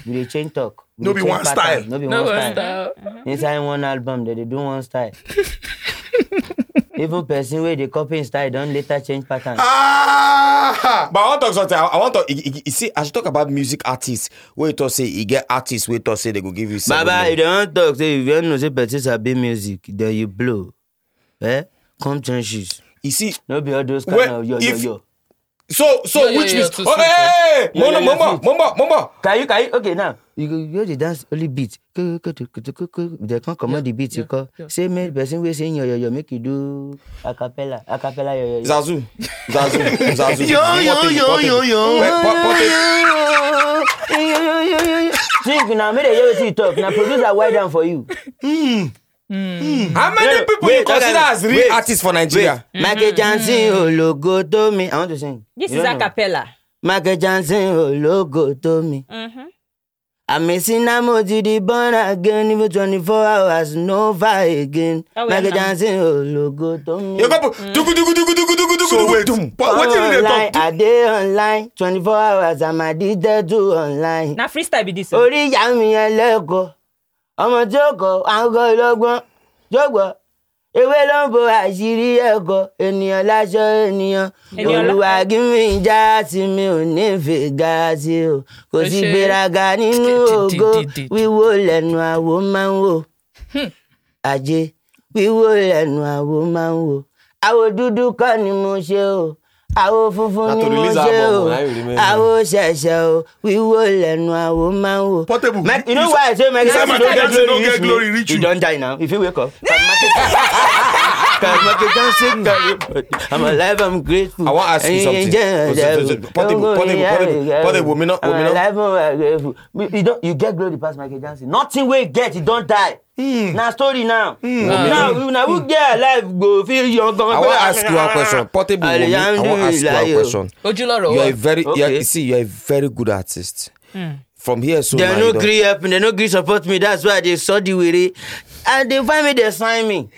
We dey change talk no be one style no be one style inside uh-huh. one album they they do one style <laughs> even person where they copy im style don't later change pattern. Ah! but i want to talk something i, want to you see I should talk about music artists Wait you say you e get artists Wait talk say they go give you. baba you don't talk say if you wan know say person sabi music then you blow eh? come change shoes. you see no be all those kind wait, of yo yo if, yo so so yeah, which yeah, means yeah, oh hey mama mama mama mama. kayi kayi okay now you go you go dey dance only beat They can't come comot the beat you call say man. person wey sing yoyoyo make you do a a cappella acapella acapella yoyoyo. zazu zazu zazu Yo yo yo yo yo sing na make dey hear wetin you talk Now producer wide down for you. Mm. Mm. How many wait, people wait, you consider as real wait, artists for Nigeria? Wait. Mm. Michael Johnson, Ologo to me. I want to sing. This you is a cappella. Michael Johnson, Ologo to me. Mm-hmm. I'm a sinner, to the born again, even 24 hours, no fire again. Oh, Michael now. Johnson, Ologo to Yo, papu, mm. dugu, dugu, dugu, dugu, dugu, dugu, so wait. what online, you talk to? day online, 24 hours, I'm addicted to online. Now freestyle be this. Eh? Orí yà mí ẹlẹ́kọ̀ọ́ ọmọ tí ó kọ àǹkọ ìlọgbọn jọgbọ ewé ló ń bo àṣírí ẹ̀kọ́ ènìyàn láṣọ ènìyàn olùwà gímì já sí mi ò nífẹ̀ẹ́ ga sí o kò sí gbéraga nínú ògo wíwó lẹ́nu àwo máa ń wò àjẹ hmm. wíwó lẹ́nu àwo máa ń wò àwo dúdú kọ́ ni mo ṣe o àwo funfun ni mo ṣe o àwo ṣẹ̀ṣẹ̀ o wíwo lẹ́nu àwo máa ń wò. portable you know why i say my guy no get glory reach you. you don die now if you wake up. <laughs> Because my dancing girl, I'm alive, I'm grateful. I want to ask you something. woman woman Alive, You don't you get glory past Michael Jackson. Nothing we get, you don't die. Mm. Na story now. Mm. Now, mm. now we get alive, go feel young. I want to ask you one question. Portable woman, I want to ask you one question. You're a very, okay. you're, see, you're a very good artist. Mm. From here, so they no gree help me, they no gree support me. That's why they saw the way and they find me, they sign me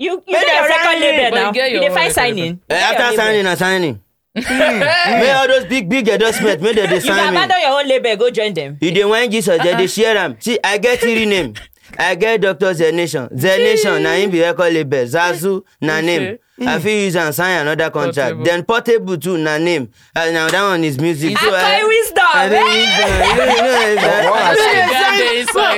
you you dey record label now you dey find signing. Eh, after signing na signing. Hmm. make all those big big endorsements. make dem dey sign me. you abandon your own label go join them. you dey whine jesus dem dey uh-uh. share am see i get three name i get doctor zenation zenation na him be record label zazu na name. Eh. i feel use am sign another contract portable. then portable too na name and ah, now that one is music. so i eh, wisdom i dey wisdom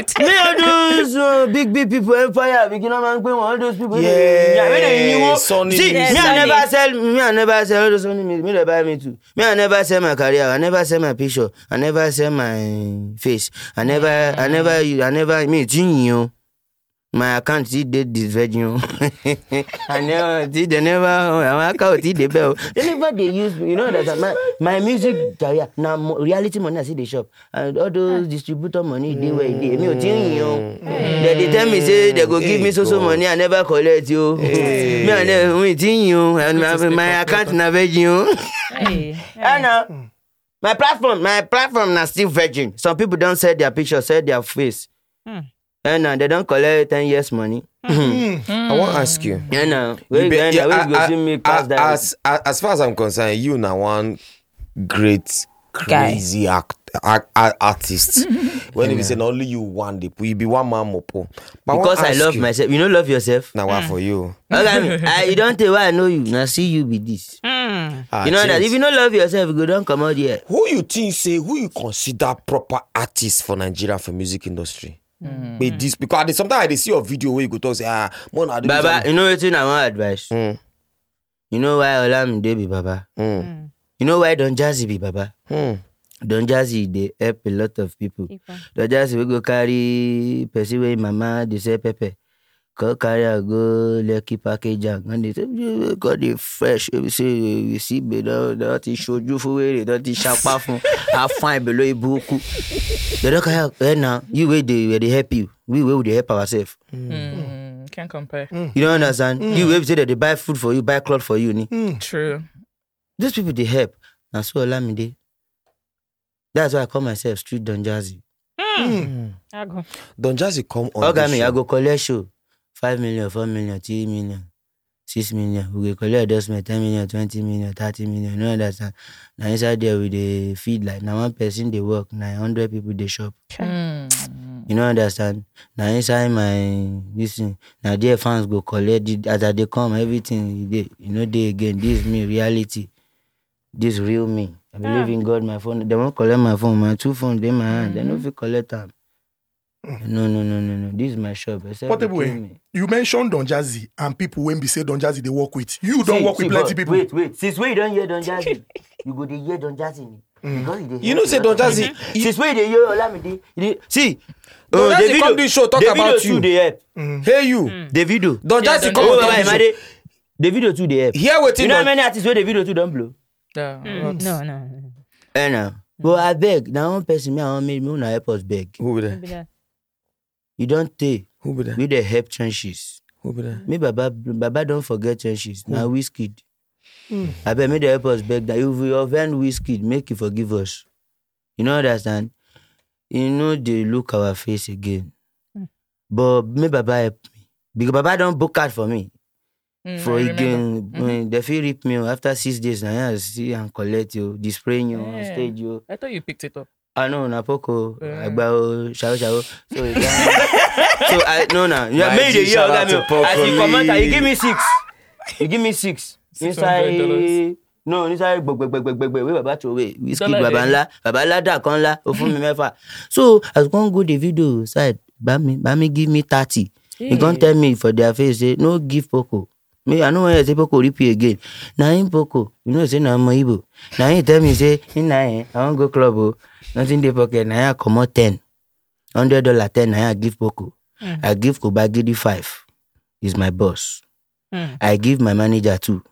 <laughs> me and those uh, big big people empire bikina man pe one all those people yeah wey dey yiwo see me i never sell me i never sell all those money me they buy me too me i never sell my career i never sell my picture i never sell my face i never i never i never me ti yin o my account ti dey dis virgin o and then till they never oh, my account still dey bell o oh. they never dey use you know that my my music career na reality money i see dey shop and all those ah. distributor money dey where e dey èmi ò tí ń o oh. hmm. they dey tell me say they go give me so so money i never collect o me and them mi tí ń o and my, account na virgin o and <laughs> hmm. my platform my platform na still virgin some people don sell their picture sell their face. Hmm. And now uh, they don't collect 10 years money. Mm. Mm. I want to ask you. Yeah, uh, now. you be, yeah, I, I, me As, as, as far as I'm concerned, you now one great, crazy act, act, act, artist. <laughs> when yeah. you say only you one the you be one man mopo. But because I, I love you, myself. You don't love yourself. Now, mm. for you? <laughs> Okay, I, you don't tell why I know you. Now, see you be this. Mm. Ah, you know that if you don't love yourself, you don't come out here. Who you think say, who you consider proper artist for Nigeria for music industry? Mm. Be this because sometimes I see your video where you go talk say ah, man, I do Baba, you know what I want advice. Mm. You know why Olamide be Baba? Mm. mm. You know why Don Jazzy be Baba? Mm. Don Jazzy they help a lot of people. Don Jazzy we go carry person wey mama dey sell pepper. Come carry her go Lekki package her. Come dey fresh. Wey be say you ti ṣojú fún wèrè don ti ṣapá fún afán ìbèlò ìbúkú. They don carry her eh you wey dey wey dey help you we wey we dey help ourselves. Mm. Mm. Can't compare. Mm. You don't understand? Mm. You wey be say dem dey buy food for you buy cloth for you ni. Mm. True. Those people dey help na so Olamide. That's why I call myself street Don Jazzy. Mm. Mm. Don Jazzy come on. Oga mi I go collect show five million, four million, three million, six million. We go collect endorsement ten million, twenty million, thirty million. You no understand? Now inside there we the feed like now one person they work, na hundred people they shop. Mm. You know understand? Now inside my this thing, na there fans go collect it as I come, everything e dey you e know they again. This me reality, this real me. I believe mm. in God. My phone, they won't collect my phone. My two phone They my hand. Mm. They no hmm. collect them. No, no, no, no, no. This is my shop. Except Portable way. Eh? You mentioned Don Jazzy and people when be say Don Jazzy they work with. You don't see, work see, with plenty people. Wait, wait. Since when you don't hear Don Jazzy, <laughs> you go to hear Don Jazzy. Mm. You know say Don Jazzy. Mm-hmm. Since when they hear Olamide, see. Don uh, Jazzy come do show talk about you. They help. Mm. Hey you. Mm. Davido. Don Jazzy yeah, come do show. Davido too they help. Hear wetin. You know how many artists wey Davido too don't blow. No, ah, mm, no, no. Eh no. Mm. But I beg, Now one person me I want me me una help us beg. Who would that? you don't tey who be that we the help churches. who be that me baba baba don forget churches. Now wizkid mm. abeg make dey help us beg that if we offend wizkid make you forgive us you know understand You know they look our face again mm. but me, baba help me because baba don't book out for me Mm, for again, mm-hmm. they feel rip me oh, after six days. Now I see and collect you, display you yeah. stage. You. Oh. I thought you picked it up. I know na Poco, Agbao, Shao Shao. So, yeah. <laughs> so I no na You have made a year, Oga mi. As you comment, you give me six. You give me six. <laughs> Inside. No, nísàlẹ̀ gbẹgbẹgbẹgbẹgbẹ wí bàbá tó wé wíṣkì bàbá ńlá bàbá ládà kan ńlá ó fún mi mẹ́fà. So as one go the video side, Bami Bami give me thirty. He come eh. tell me for their face say no give Poco. me i know wan hear say poko rip you again Now in poko you know say now omo igbo na him tell me say him na i want go club o nothing dey pocket na him comot ten hundred dollar ten Now i give poko mm. i give kobagidi five he's my boss mm. i give my manager two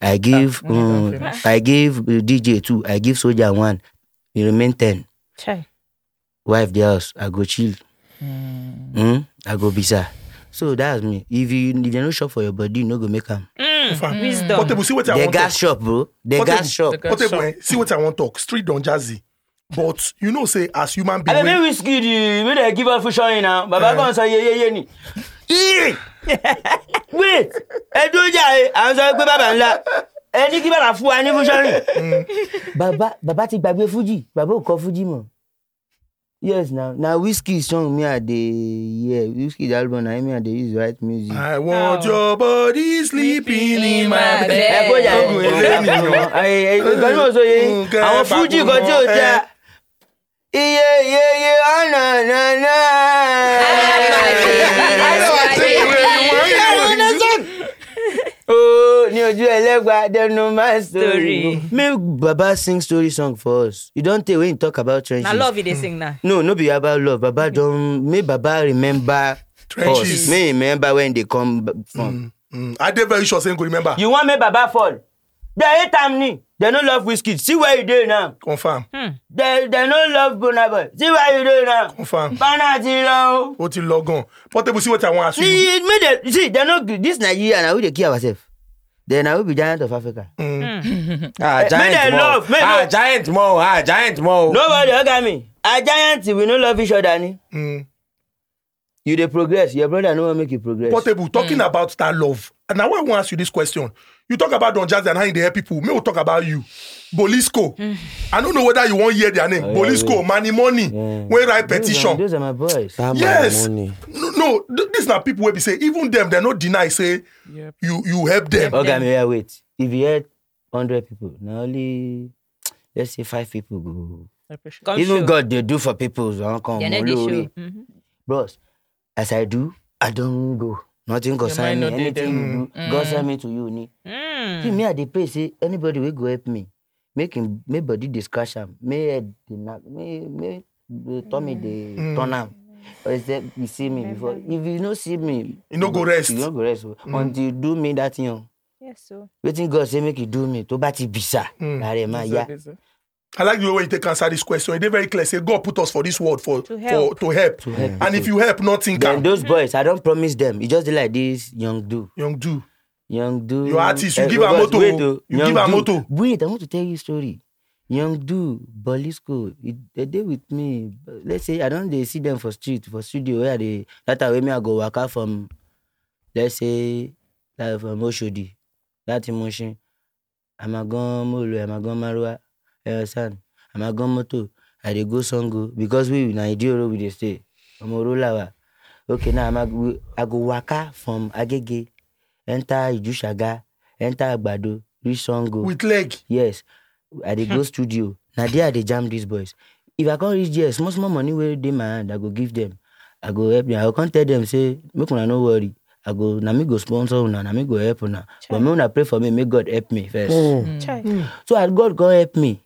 i give oh, um, i give uh, dj two i give soldier one he remain ten Chai. wife the house i go chill mm. Mm? i go bisa. So that's me. If you if you no shop for your body, you no go make am. Mm, Wisdom. Portable, see what I the want gas talk. shop, bro. The portable, gas shop. The gas portable, shop. Eh, see what I want talk. Street don jazzy. But you know, say as human being. I mean, whiskey, the way they give out for showing now. Baba eh. gan say yeah yeah yeah ni. <laughs> Wait, I dúró jàre, à ń sọ pé bàbá ńlá give kí bàbá fún wa ní fúnṣọ́rìn. Mm. Baba, Baba, ti Baba Fuji. Baba, ò Fuji fújì Yes now, na Whiskey song me I dey hear. Whiskey album na me I dey use write music. I want your body sleeping in my bed. Ẹ kó jà ẹ ìgbà náà sọ yẹn àwọn Fuji kan tí ò já. Iye iye iye ọ̀nà nànà. I know I tell you where you want you ní ojú ẹlẹ́gba dẹnu my story. make baba sing story song for us e don tey wey he talk about trenches. na love he dey sing na. no no be about love baba don make baba remember trenches. us make he remember when he dey come from. i dey very sure say he go remember. you wan make baba fall dem hate am ni dem no love whiskey. see where you dey now. confam. dem hmm. dem no love burna boy see where you dey now. confam. bana ti lọ o. o ti lọ gan portable see wetin i wan ask you. ni make dem see dem no gree this nigeria na we dey kill ourselves then I will be giant of Africa. Mm. Hmm. <laughs> ah, eh, giant more. Love, ah, love. giant more. Ah, giant more. Nobody look at me. A giant, we no love each other. Ni. Mm. You dey progress. Your brother no make you progress. Portable, hmm. talking mm. about that love. And now I want to ask you this question. You talk about Don Jazzy and how they help people. Me will talk about you. Bolisco. Mm. I don't know whether you wan hear their name. Oh, Bolisco, yeah, Mani Money, yeah. wey write petition. Those are, those are my boys. That yes. No, no, these are people wey be say even them dem no deny say yep. you you help them. Okay, okay, Mayor, wait. If you had hundred people, na only let's say five people go. Come even God they do for people. come. Yeah, mm -hmm. Bros, as I do, I don't go. nothing go concern me anything mm. god send me to you mm. see me at the place. anybody will go help me make him make body dey scratch am make head dey knack make make the tummy dey mm. turn am but except you see me before if you no see me you no go rest you no go rest oh. mm. until you do me that thing o oh. yes, oh. wetin god say make you do me to bá ti bisa na rẹ ya. I like the way you take answer this question. It is very clear. Say God put us for this world for to help. For, to help. To help. And if you help, nothing can. Then those boys, I don't promise them. It's just like this young do. Young do. Young dude. Your artist, you uh, give a moto. Wait, you give a moto. Wait, I want to tell you a story. Young dude, Bolisco, they day with me. Let's say I don't they see them for street, for studio where they that way me I go work out from let's say like from Oshodi, that emotion. I'm a gun molo, I'm a gun marua, I understand. I'm a gun moto. I dey go Songo because we na Nigeria we dey stay. Omorolawa. Okay, now I'm a, I go waka from Agege enter ijusaga enter agbado reach sango. with leg. yes i dey go studio na there i dey jam these boys if i come reach there small small money wey dey my hand i go give them i go help them i go come tell them say make una no worry i go na me go sponsor una na me go help una but make una pray for me make god help me first. Oh. Mm. Mm. so as god come help me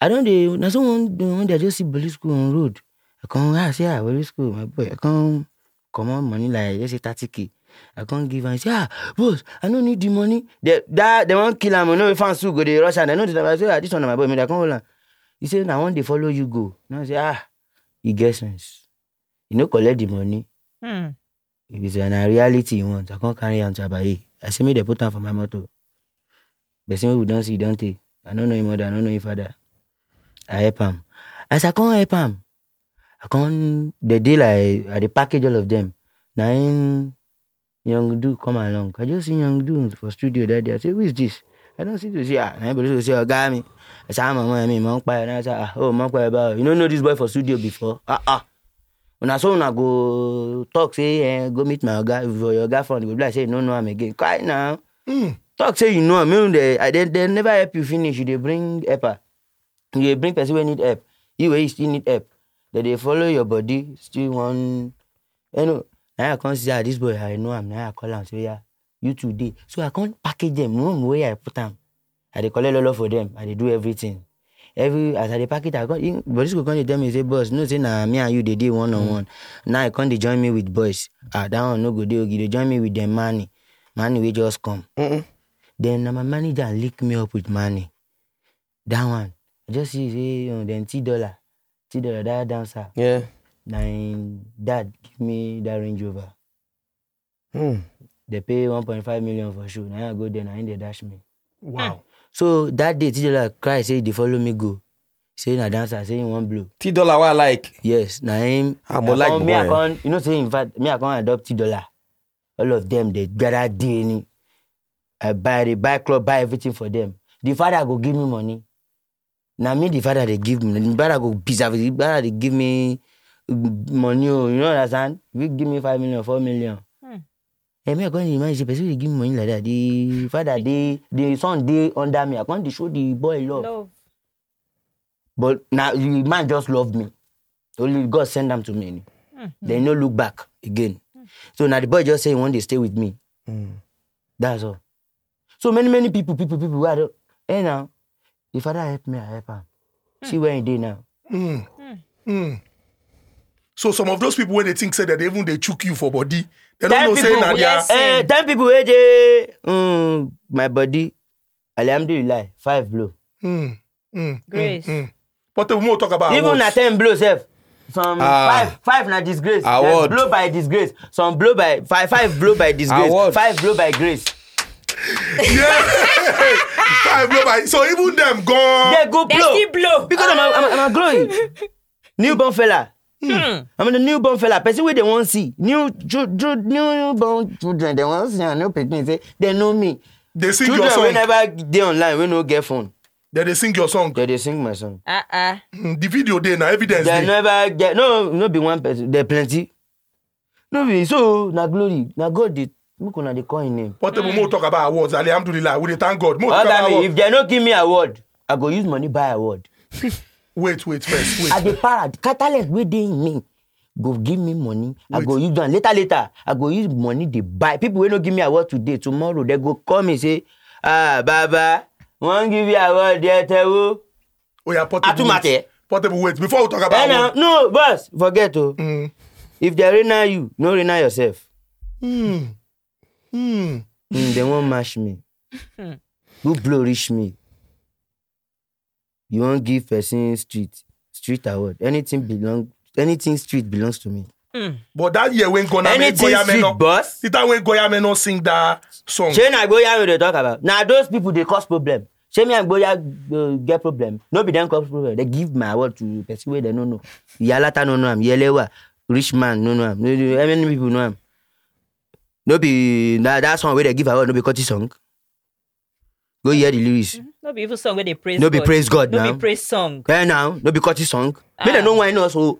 i don dey na so one one day i just see police school on road i come ah see ah police school my boy i come comot money like just say thirty k I can't give am, e say ah! Boss I don't need the money. Dem wan kill am o, no be fans too go dey rush am, dem no dey I say ah dis one na my boy I can't hold on. He say I want dey follow you go. Na I say ah! He get sense. E no collect the money. Hmm. E be say na reality e want. I can't carry on. to I say me dem put am for my motor. But wey we don't see don tey. I don't know im mother, I don't know im father. I help him. I say I can't help him. I can't. the deal I I dey package all of them. Na Young Do come along. I just see Young Do for studio that day. I say, who is this? I don't see this. Yeah, and everybody will say, ọ̀gá mi. I say, I'm a man, me. a man. And I say, ah, oh, man, about you don't know this boy for studio before. Ah, ah. When I saw him, I go talk, say, eh, go meet my guy, for your guy from the I say, no, no, I'm again. Cry now. Mm. Talk, say, you know, I mean, they, they, they never help you finish. they bring help. You they bring person when need help. You, you still need help. They, they follow your body, still want, you know, Now I can't see how this boy I know am now I call am say oya you today. so I can't package them. room wey I put them? I dey collect lolo for them. I they do everything every as I they package am I But this go come to them. me say boss no say na me and you They dey one on one now I can't they join me with boys ah that one no good. dey they join me with their money. Money will just come. Mm-mm. Then na my manager lick me up with money. that one I just see say um, oh, then T dollar T dollar that dancer. Yeah. Nine, dad, give me that Range Rover. Hmm. They pay 1.5 million for sure. Now I go there, now they dash me. Wow. So that day, T-Dollar cry, say, they follow me go. Say, na dancer, say, in one blow. T-Dollar, what like? Yes, na him. Ah, I more like me, I can't, you know, say, in fact, me, I can't adopt T-Dollar. All of them, they gather DNA. I buy the buy club, buy everything for them. The father go give me money. Now me, the father, they give me. The father go preserve, the father, they give me money oh, you no understand? You give me five million, four million. um me I con dey imagine say person wey give me money like that, the father dey the son dey under me I con dey show the boy love. love. But na the man just love me. Only God send am to me. Mm. Then no look back again. Mm. So now the boy just say he wan dey stay with me. Mm. That's all. So many many people people people wey I don hey now the father help me I help am. Mm. See where he dey now. Mm. Mm. Mm so some of those people when they think say dem even they chook you for body dem no know say na their. Uh, eh, ten eh, people wey dey mm, my body alhamdulilayi five blow. Mm, mm, grace. Mm, mm. but we won't talk about even awards. ten blow sef some ah. five five na disgrace award blow by disgrace some blow by five five blow by disgrace award. five blow by grace. <laughs> yeah. five blow by so even them gone. They go blow. dey blow. because i'm a i'm a, I'm a glowing <laughs> newborn fella I mean, the newborn fella, person where they want see new children, newborn children, they want see and no picnic. they know me. They sing children your song. Children whenever they online, we no get phone. Then they sing your song. Then they sing my song. Uh uh. Mm, the video there now evidence. They never get no no be one person. There plenty. No be so na glory na God did. Make una dey call him name. Portable mm. Um, more talk about awards. Alhamdulillah, we dey thank God. More talk about awards. If they no give me award, I go use money buy award. <laughs> wait wait first wait. i dey para catalyst wey dey in me go give me money wait. i go use am later later i go use money dey buy people wey no give me award today tomorrow dem go call me say ah baba wan give you award there tewo. oya oh, portable Atumate. portable wait before we talk about hey, eh, no boss forget o. Oh. Mm. if dem rena you no rena yourself. Hmm. Hmm. Mm, dem wan mash me. <laughs> Who blow reach me you wan give person street street award anything belong anything street belongs to me. Mm. but that year when goyame goyame no boss? the time when goyame no sing that song. shey na goyame dey talk about na those people dey cause problem shey me and goya uh, get problem no be dem cause problem dey give my award to person wey dem no know iyalata no know am yelewa rich man no know am no no many people know am no be na that song wey dey give award no be country song go hear the lyrics. Mm -hmm no be even song wey they praise no be praise god no now no be praise song eh now no be cutty song ah. make dem no whine us o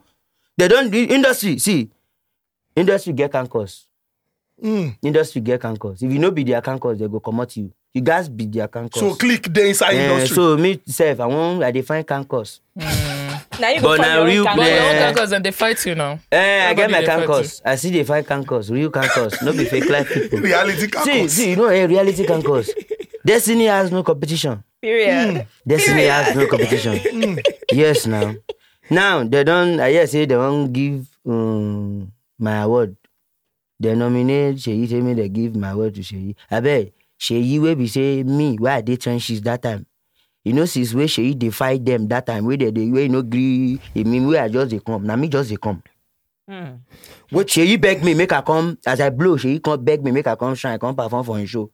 they don't the industry see industry get cancers mm. industry get cancers if you no be their cancers they go comot you you guys be their cancers. so click the inside yeah, industry. so me self, i wan i define find cancers. Mm. you go but find your own cancers. but na real cancers and they fight you now. Eh, i get my cancers i still dey find cancers real cancers no be fake life people. <laughs> reality cancers. see see you know eh, reality cancers <laughs> destiny has no competition. Period. Hmm. Destiny has no competition. <laughs> Hmm. yes, now. Now, they don't, I hear say they won't give um, my award. They nominate Sheyi, tell me they give my award to Sheyi. I bet Sheyi will be say, me, why I did trenches that time. You know, since where Sheyi they them that time, where they, they where you know, agree, it mean where I just they come. Now me just they come. Mm. What Sheyi beg me, make her come, as I blow, Sheyi come beg me, make her come shine, come perform for a show.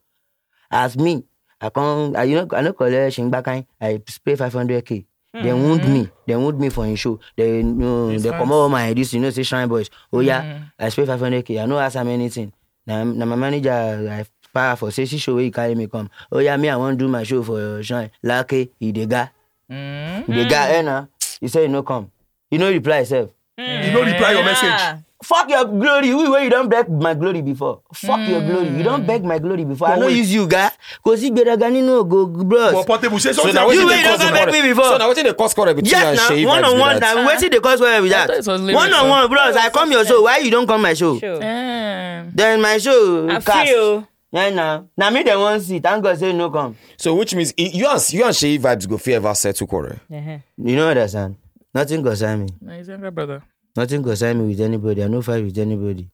As me, I can't, I, you know, I no collect Shingbakan. I pay hundred k Mm. They wound hmm. me. They wound me for his show. They you know, they come over my this, you know, say shine Boys. Oh yeah, mm. I pay hundred k I no ask am anything. Na, na my manager, I power for say see show where he carry me come. Oh yeah, me I want do my show for uh, Shrine. Lucky he the guy. Mm. The guy, eh, nah. He say he no come. He no reply himself. Mm. He no reply your message. Fuck your glory. We where you don't beg my glory before. Fuck mm. your glory. You don't hmm. beg my glory before. But I no use you, guy. Cause you better gani no bros. But portable say something. So you where you don't beg me before. So now wetin dey cause quarrel between yes, you and Sheyi? Yes, one on one. Now wetin dey cause quarrel with that? One on one, bros. I come your show. Why you don't come my show? Then my show. I cast. feel. Yeah, now now me they want see. Thank God say no come. So which means you and you and Sheyi vibes go fit ever settle quarrel. Uh-huh. You know what I'm saying? Nothing concern me. My younger brother. Nothing concern me with anybody. I no fight with anybody.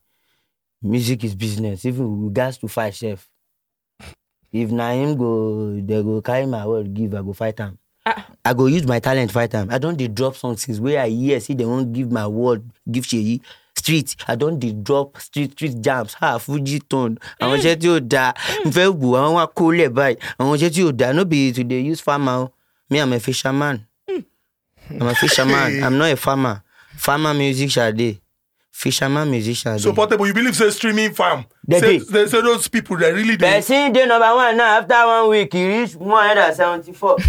Music is business. Even we gas to fight chef, If na go, they go carry my word give, I go fight am. Ah. I go use my talent fight him. I don't dey drop somethings wey I hear See they won't give my word give Seyi. street i don't dey drop street street jams ha fuji tone I want tí ó da n mm. fẹ́ wò àwọn wa kó lẹ̀ báyìí àwọn to tí ó no be to dey use farmer me i'm a fisherman mm. i'm a fisherman <laughs> i'm not a farmer farmer musician, Sade. fisherman musician. so portable you believe say streaming farm. dey dey say say those people dey really dey. person dey number one now after one week e reach one hundred and seventy-four. <laughs>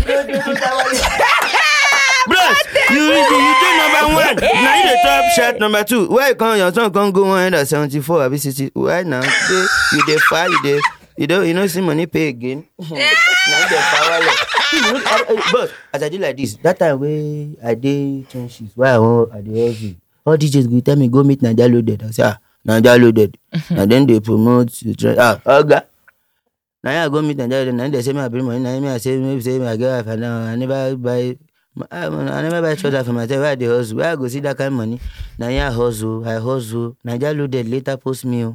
bros you you you dey number one na you dey top shirt number two why you come your son come go one hundred and seventy-four abi sixty why na say you dey far you dey. You don't, you know, see money pay again. <laughs> now the power you look at, uh, But as I did like this, that time way I did trenches. Why I want I did every. All DJs go tell me go meet Naija loaded. I say ah Naija loaded. Mm-hmm. And then they promote trench. Ah Oga. Now I go meet Naija loaded. Now they say me I bring money. Now I say me say me I get half and now I never buy. I, never buy trouser for myself. Where the dey hustle? Where I go see that kind of money? Now I hustle. I hustle. Naija loaded later post me. Oh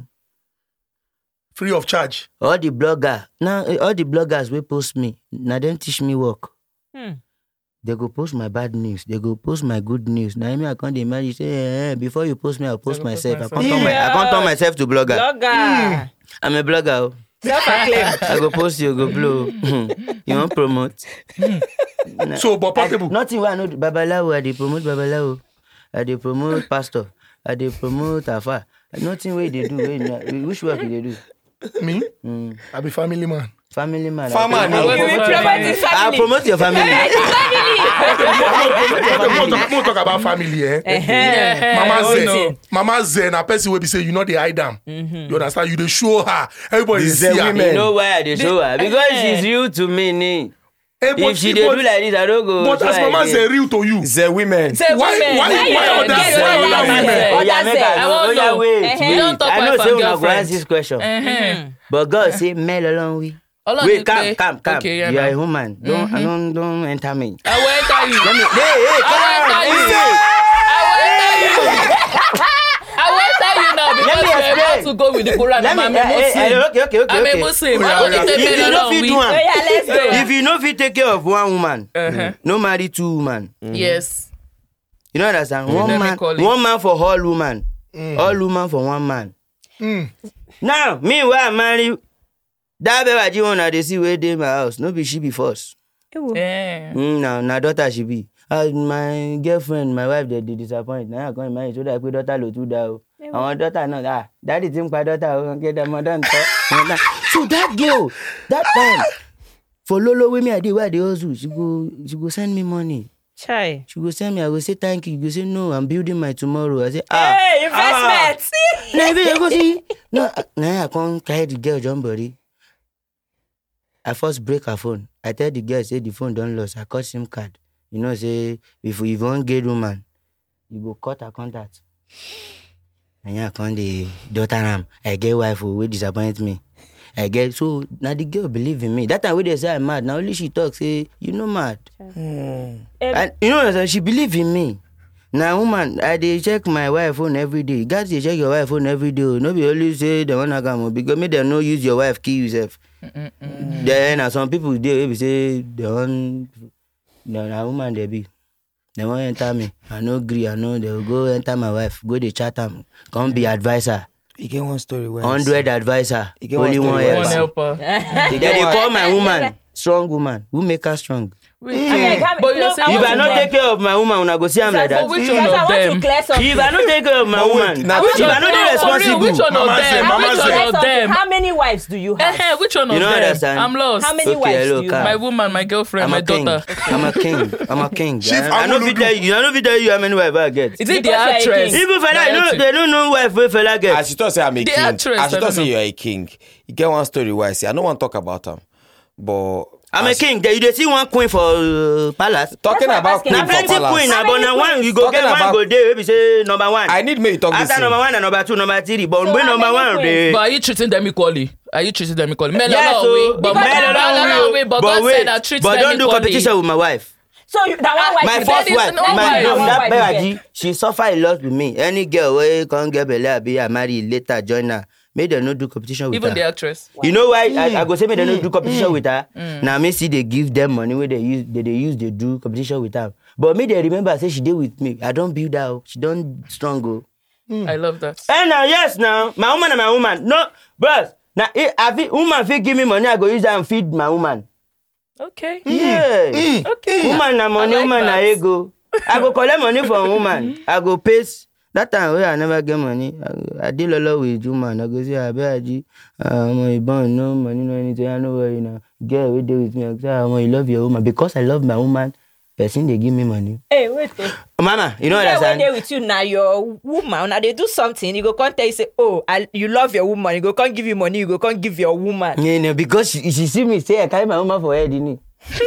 free of charge. all the blogger now eh, all the bloggers will post me Now dem teach me work. Hmm. they go post my bad news they go post my good news Now me i can't imagine say eh, eh, before you post me i post myself. post myself i come turn my i come turn myself to blogger. blogger. Mm. i'm a blogger oh. <laughs> i go post you go blow hmm. you wan promote. Hmm. na, so but possible. nothing wey i know babalawo i dey promote babalawo i dey promote pastor i dey promote afa nothing wey they e do e which work they e do me mm. i be family man family man farmer ni i promote your family eh, mo talk about family eh, eh, eh. mama oh, ze mama ze na person wey be say you no dey hide am mm-hmm. you understand you dey show her everybody see her. you know why i dey show her because she's you to me ni. Impossible. Eh, If she dey do like this, I don't go. But as like mama say real to you. Say women. Say why, women. Why why why other say other women? Oya make I go. Oh, Oya wait wait. I know say una go ask this question. Mm-hmm. But God say men alone we. Wait, calm, calm, calm. you are a woman. Don't, mm-hmm. don't, don't enter me. I will enter you. Let me. Hey, hey, come enter you. Hey. enter you. <laughs> now because I want to go with the Quran. I'm a eh, eh, Muslim. Eh, okay, okay, okay. I'm a Muslim. If you no fit do if you no fit take care of one woman, uh-huh. no marry two woman. Mm-hmm. Yes. You know what I'm saying? One man, one man for all woman, mm. all woman for one man. Mm. Now, me where I marry, that baby una dey see wey dey my house, no be she be first. Na mm, na daughter she be. as uh, my girlfriend my wife they they disappoint na going come marry so that pe daughter lo too da àwọn daughter náà ah dáàdì ti ń pa daughter o kí ọmọdé ń tọ́ so that girl that time for lolo wey me i dey wey i dey hustle she go she go send me money. Chai. She go send me, I go say thank you. You go say no, I'm building my tomorrow. I say, ah. Hey, ah. investment. Ah. <laughs> now, you go see. No, now I come carry the girl John body. I first break her phone. I tell the girl, say the phone don't lost. I cut SIM card. You know, say if you want get woman, you go cut her contact and yeah, come the daughter am. I get wife who disappoint me. I get so now the girl believe in me. That time when they say I'm mad, now only she talks say you know mad. Mm. And you know she believe in me. now woman i dey check my wife phone every day you gats dey check your wife phone every day o no only say the one knack am because me they no use your wife kill you sef then na some people dey wey be say dem wan na woman dey be dem wan enter me i no agree. i no dem go enter my wife go dey chat them. come be adviser You get one story wey hundred adviser only one helper dem they call my <laughs> woman strong woman who make her strong Okay, but if I not take care of my <laughs> woman, I go see him like that. Which one of them? If I not take care of my woman, if I not dey responsible, which one of them? Which one of them? How many wives do you have? Eh, eh, which one of them? You I'm lost. How many wives do you ah. have? My woman, my girlfriend, my daughter. I'm a king. I'm a king. I know fit tell you. I know fit tell you how many wives I get. Is it the actress? Even fella, you know they don't know wife wey fella get. As you talk say I'm a king. The actress. As you say you're a king. You get one story where I say I don't want to talk about them, but. I'm a king. You dey see one queen for uh, palace. Talking about queen for palace. plenty queen na but na one you go get one go day. wey say number one. I need me to talk this After number one and number two, number three, but when number one dey. But are you treating them equally? Are you treating them equally? Melo yes, so, but Melo alone way, but, God said I treat them equally. But don't do competition with my wife. so that one ah, wife my first wife my no that beraji she suffer a lot with me any girl wey come get belle be a married. later join her May they not do competition with Even her. Even the actress. Wow. You know why mm. I, I go say may they mm. no do mm. competition mm. with her. Mm. Now me see they give them money where they use they, they use they do competition with her. But may they remember I say she did with me. I don't build her. Oh. She don't strong go. Oh. Mm. I love that. And eh, now yes now my woman and my woman no but now if eh, woman if give me money I go use that and feed my woman. Okay. Mm. mm. Yeah. Mm. Okay. Woman na money like woman that. na ego. I go collect money from woman. <laughs> I go pay Látàrí where I never get money, I, I did a lot with you, man. I go say, I bet I G, um, I born, no money, no anything, I know where you know. Girl, we deal with me. I say, ah, I love your woman. Because I love my woman, person they give me money. Hey, wait. a oh, Mama, you know what I I'm saying? there with you now, your woman. Now they do something, you go come tell you say, oh, I, you love your woman. You go come give you money, you go come give your woman. Yeah, no, because she, she see me say, I carry my woman for head, didn't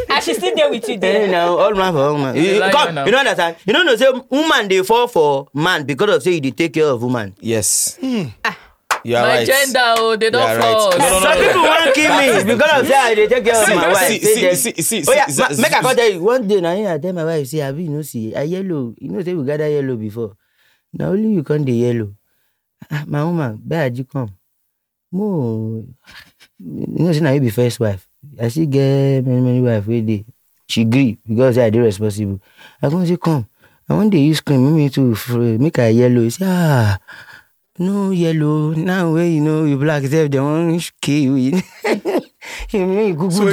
and <laughs> she still there with you there. Hey, now all man for all man. You, like come, you, know. you know understand? You know, no say woman they fall for man because of say you dey take care of woman. Yes. Mm. Ah. You are my right. gender oh they don't right. fall. No, no, no, Some no, people no. wan kill me <laughs> because of that they take care of my wife. See, see, see, see, oh, yeah, see, ma, see, make I come tell you one day now. I tell my wife say abi you no see a yellow you know say we got a yellow before Now only you come the yellow. Ah, my woman, where did you come? Mo, <laughs> you know say now you be first wife. I still get many many wife wey dey. She agree because I dey responsible. I come say come I wan dey use cream me to make I yellow. E say ah no yellow now Where you know you black sef dem wan kill you. <laughs> so if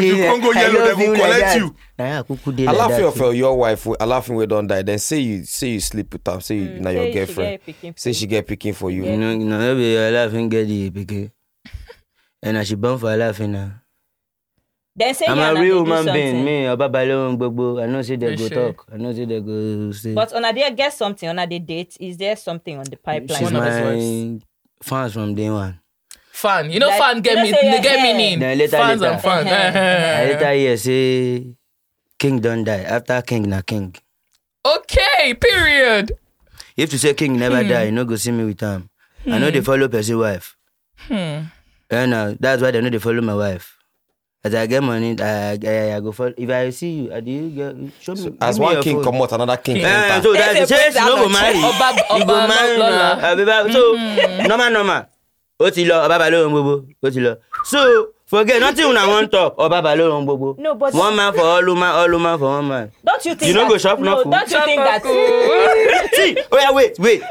you can't go yellow they will collect you. I him akuku dey like that. alaafin of oyo wife alaafin wey die Then say you say you sleep with her. say mm, now your girlfriend say she get picking for you. you know no be alaafin get the picking. <laughs> and I she born for laughing now. They say I'm a real human being. Me, Obabalon Bobo. I know say they go sure. talk. I know say they go say. But on a day, get something. On a day date, is there something on the pipeline? She's my fans from day one. Fan, you know, like, fan get me, they get meaning. Then later, fans and fans. Uh-huh. Eh, eh, eh. later, yeah, say king don't die. After king, na king. Okay, period. If you say king never hmm. die, you no go see me with him. Hmm. I know they follow person wife. Hmm. And now that's why they know they follow my wife as i get money i i i go for. if i see you do you get show me as one king come out, another king eh, enter so that's the case no go marry you go marry na ah, ah, so mm-hmm. normal normal ó ti lọ ọba balógun gbogbo ó ti lọ so forget nothing una want talk ọba balógun gbogbo one man for all woman all woman for one man don't you think you no go shop knuckle no don't you think that <laughs> see oh yeah, wait wait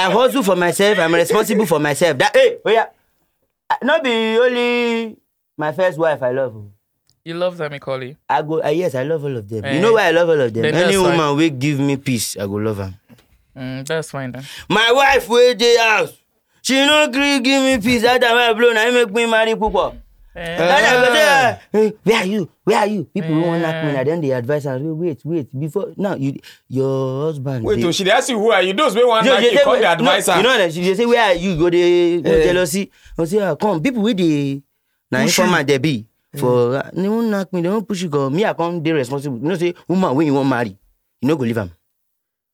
i hustle for myself i'm responsible for myself that hey oh yeah. Not be only my first wife i love you love Sammy Colley? I go, uh, yes, I love all of them. Hey. You eh. know why I love all of them? Any woman fine. will give me peace, I go love her. Mm, that's fine then. My wife wey dey house, she no gree give me peace. That time I blow, na make me marry people. Hey. Uh, hey, where are you? Where are you? People yeah. won't like me. And eh. then they advise her, wait, wait, before now you your husband. Wait, they, oh, she ask you who are you? Those wey wan like you, call the advisor. No, you know that she say where are you? Go the go eh. jealousy. I say, ah, come, people with the na informal there be for they won't knack me they won't push you go me i come dey responsible you know say woman wey you wan marry you no go leave am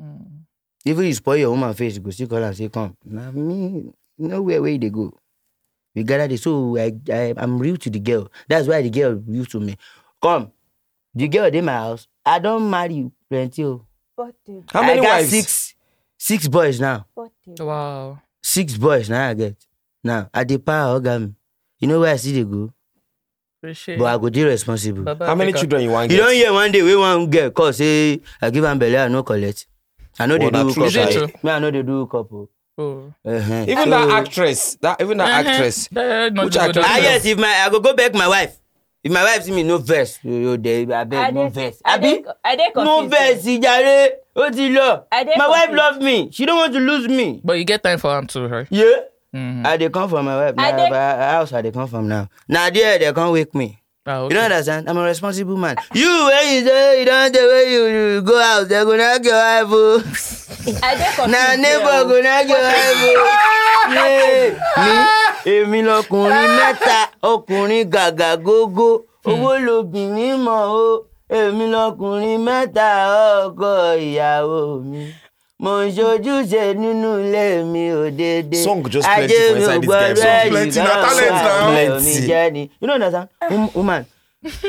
hmm. even you spoil your woman face you go still call am say come na me nowhere where you dey go we gather dey so i i i'm real to the girl that's why the girl real to me come the girl dey my house i don marry you plenty o oh. how many wives i got six six boys now wow six boys na i get now i dey power oga me you know where i see dey go Appreciate. but i go dey responsible Baba, how many children you wan get you don hear one day we want girl call say i give am belle i no collect i no they do hookup i me i know they do couple. Oh. Uh-huh. Even so, that actress, that even that uh-huh. actress, uh, which actress? Ah, yes, if my I go go back my wife. If my wife see me no verse, yo, yo, they, I beg no verse. I be no verse, jare. Ó the law? My wife love me. She don't want to lose me. But you get time for am too, right? Yeah. Mm-hmm. I they come from my web, wife. Now, they... house I dey come from now. Now there they can't wake me. Ah, okay. You don't understand? I'm a responsible man. you when you say you don't the way you, you go out, They're gonna knock your wife. Oh. <laughs> Now neighbor gonna oh. knock your wife. Oh. Me, èmi lọkùnrin mẹ́ta, ọkùnrin gàgà gógó, hmm. owó lobìnrin mọ̀ o. Èmi lọkùnrin mẹ́ta, ọkọ ìyàwó mi mo ń ṣojúṣe nínú ilé mi ò déédéé ajé mi ò gbọdọ̀ ẹ̀yìn náà sọ mi jẹ́ ni you know nasa woman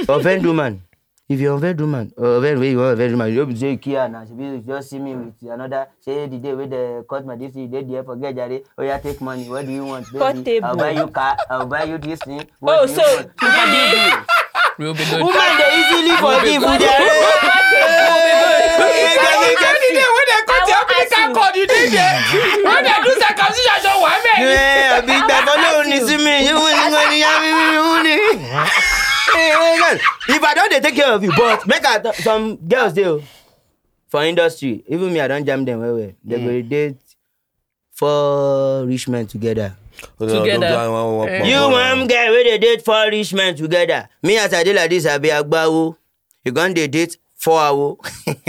offend woman if you offend woman offend wey you wan offend woman you no be say kia na she be just see me with another say the day wey the cut my dis thing dey there forget jare oya take money what do you want baby i buy you car I'll buy you this thing what oh, do you so want you forgive me woman dey easily forgive jare day wey dem go the African court you dey when dem do circumcision ṣe me? mẹ́rin. ẹ àbí ìgbàgbọ́ lóhùn ní sí mi yóò wọ́n ní wọ́n ní yá mi wọ́n ní. if i don dey take care of you but make i some girls dey o oh, for industry even me i don jam dem well well dem hmm. go dey four rich men together. Oh, together eh. you wan get wey dey date four rich men together me as i dey like this i be agbawo you gone dey date fọ́ awo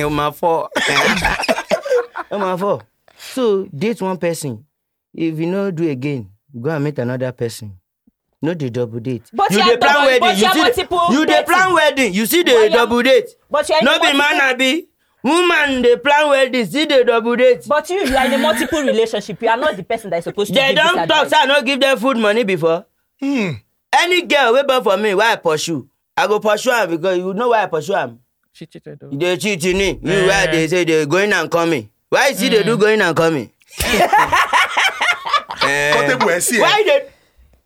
<laughs> ó máa fọ́ <laughs> ó máa fọ́ so date one person if you no do again go and meet another person no dey double date. but you dey plan wedding you see you dey plan wedding you see the double date no be man abi woman dey plan wedding still dey double date. but you you are in a multiple relationship you are not the person that is supposed to they give this advice. they don talk say i no give them food money before. Hmm. any girl wey born for me why i pursue i go pursue am because you know why i pursue am dey cheat they me you why eh. they say they going and coming why you still they do mm. going and coming. kọ́tẹ́bù <laughs> eh. eh. why they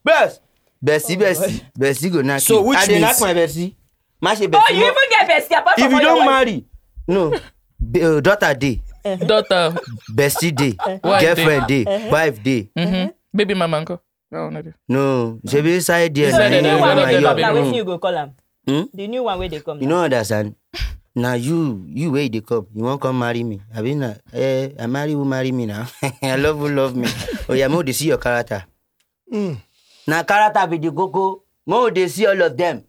best? Bestie, oh, bestie, bestie, go knack so which means i dey bestie? my bẹ́ẹ̀sì má oh you even get bestie apart if you don marry no <laughs> uh, daughter day. Uh-huh. daughter. bestie dey <laughs> uh-huh. girlfriend day. Uh-huh. wife dey. Mm-hmm. baby mama nko. no no, no. there na you and hmm? hmm? the new one where they come now. you no understand na you you wey dey come you wan come marry me abi na eh i marry who marry me na <laughs> i love who love me <laughs> oya mo dey see your character mm. na character be the koko mo dey see all of them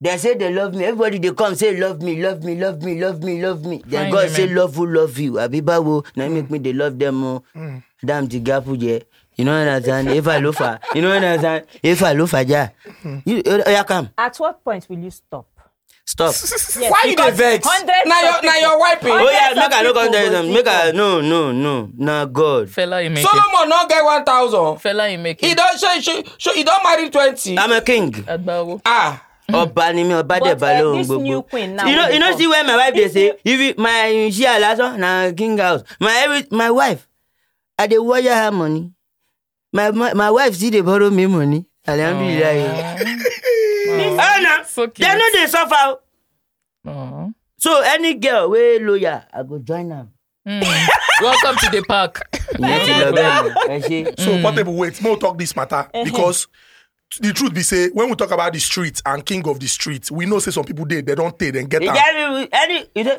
dem say dem love me everybody dey come say love me love me love me love me love me dem god say love who love you abi bawo na mm. make hmm. me dey love them. o oh. mm. dam ti gapu je you know saying? if i lo fa ah. you know what I'm saying? if i lo fa ah, ja hmm. you oya come. at what point will you stop stop. <laughs> yes, why you dey vex na your na your wife oh yeah make i no come tell you make i no no no na god. fela you make solomon no get one thousand. fela you make it. he don show show show he don marry twenty. i'm a king. agbawo. ah. ọba ni mi ọba dẹ̀ ba lóhun uh, gbogbo you know you know see where my wife dey say if my she alasan na king house my every my wife i dey wire her money my my, my wife still dey borrow me money alhamdulilayi. Oh. <laughs> Eh, na They know they suffer o so any girl wey lawyer i go join them. Mm. <laughs> welcome to the park. ìyẹn ti lọ <laughs> so hmm. Portable wait mo talk this matter because. the truth be say when we talk about the streets and king of the streets, we know say some people dey they don't tey then get am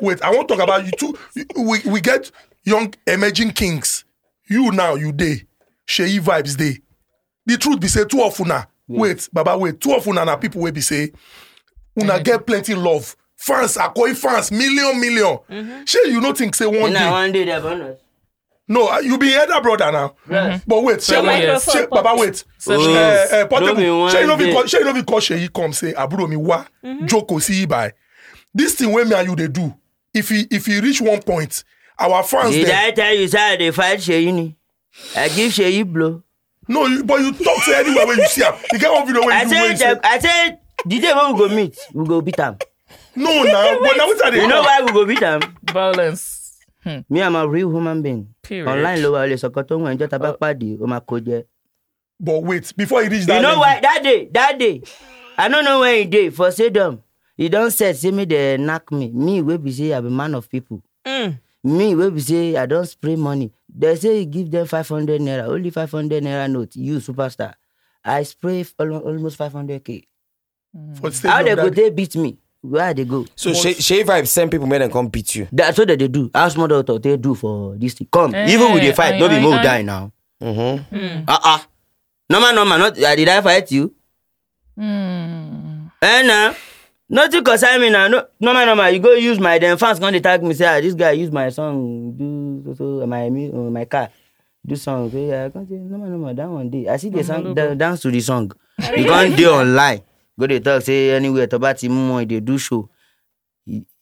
wait i won't talk about you two. we we get young emerging kings you now you day. sheyi vibes day. the truth be say two of now wait baba wait two of una na people wey be say una eh. get plenty love fans. akoi fans. million million mm-hmm. shey you no think say one day one day bonus. no uh, you be elder brother now mm-hmm. but wait shey baba wait eh, eh, portable shey you no be call he come say aburo mi wa joko si by. this thing when me and you they do if he, if he reach one point our fans dem. did i tell you say they dey fight sheyi ni i give sheyi blow no you, but you talk to anywhere when you see am e get one video wey you do wey you say. i say the day when we go meet we go beat him. no na but now what are they? you know why we go beat him? violence. Hmm. me i'm a real human being. period online ló wà lè sọkọ tó ń wọ ẹjọ tá a bá pàdé but wait before he reach that. you know why that day that day i don't know when he dey for sedum he don set say me. They knock me me wey be say i be man of people. Mm. me wey be say i don't spray money They say give them 500 naira, only 500 naira note. You, superstar. I spray almost 500k. Mm. How they go, they beat me. Where they go? So Shay Vibe send people make them come beat you. That's what they do. Ask my daughter they do for this thing. Come, hey, eh, even with the fight, don't be more die now. Mm-hmm. Mm. Uh-uh. No man, no man, not, uh, did I fight you? Mm. And eh, now, uh, nothing concern me now. No, no man, no man, you go use my, the fans going to me, say, ah, this guy use my song, do to to my um, my car do song so yeah, I can't say no normal that one dey I see the song da, dance to the song you can't do online go dey talk say anywhere to bá ti mú dey do show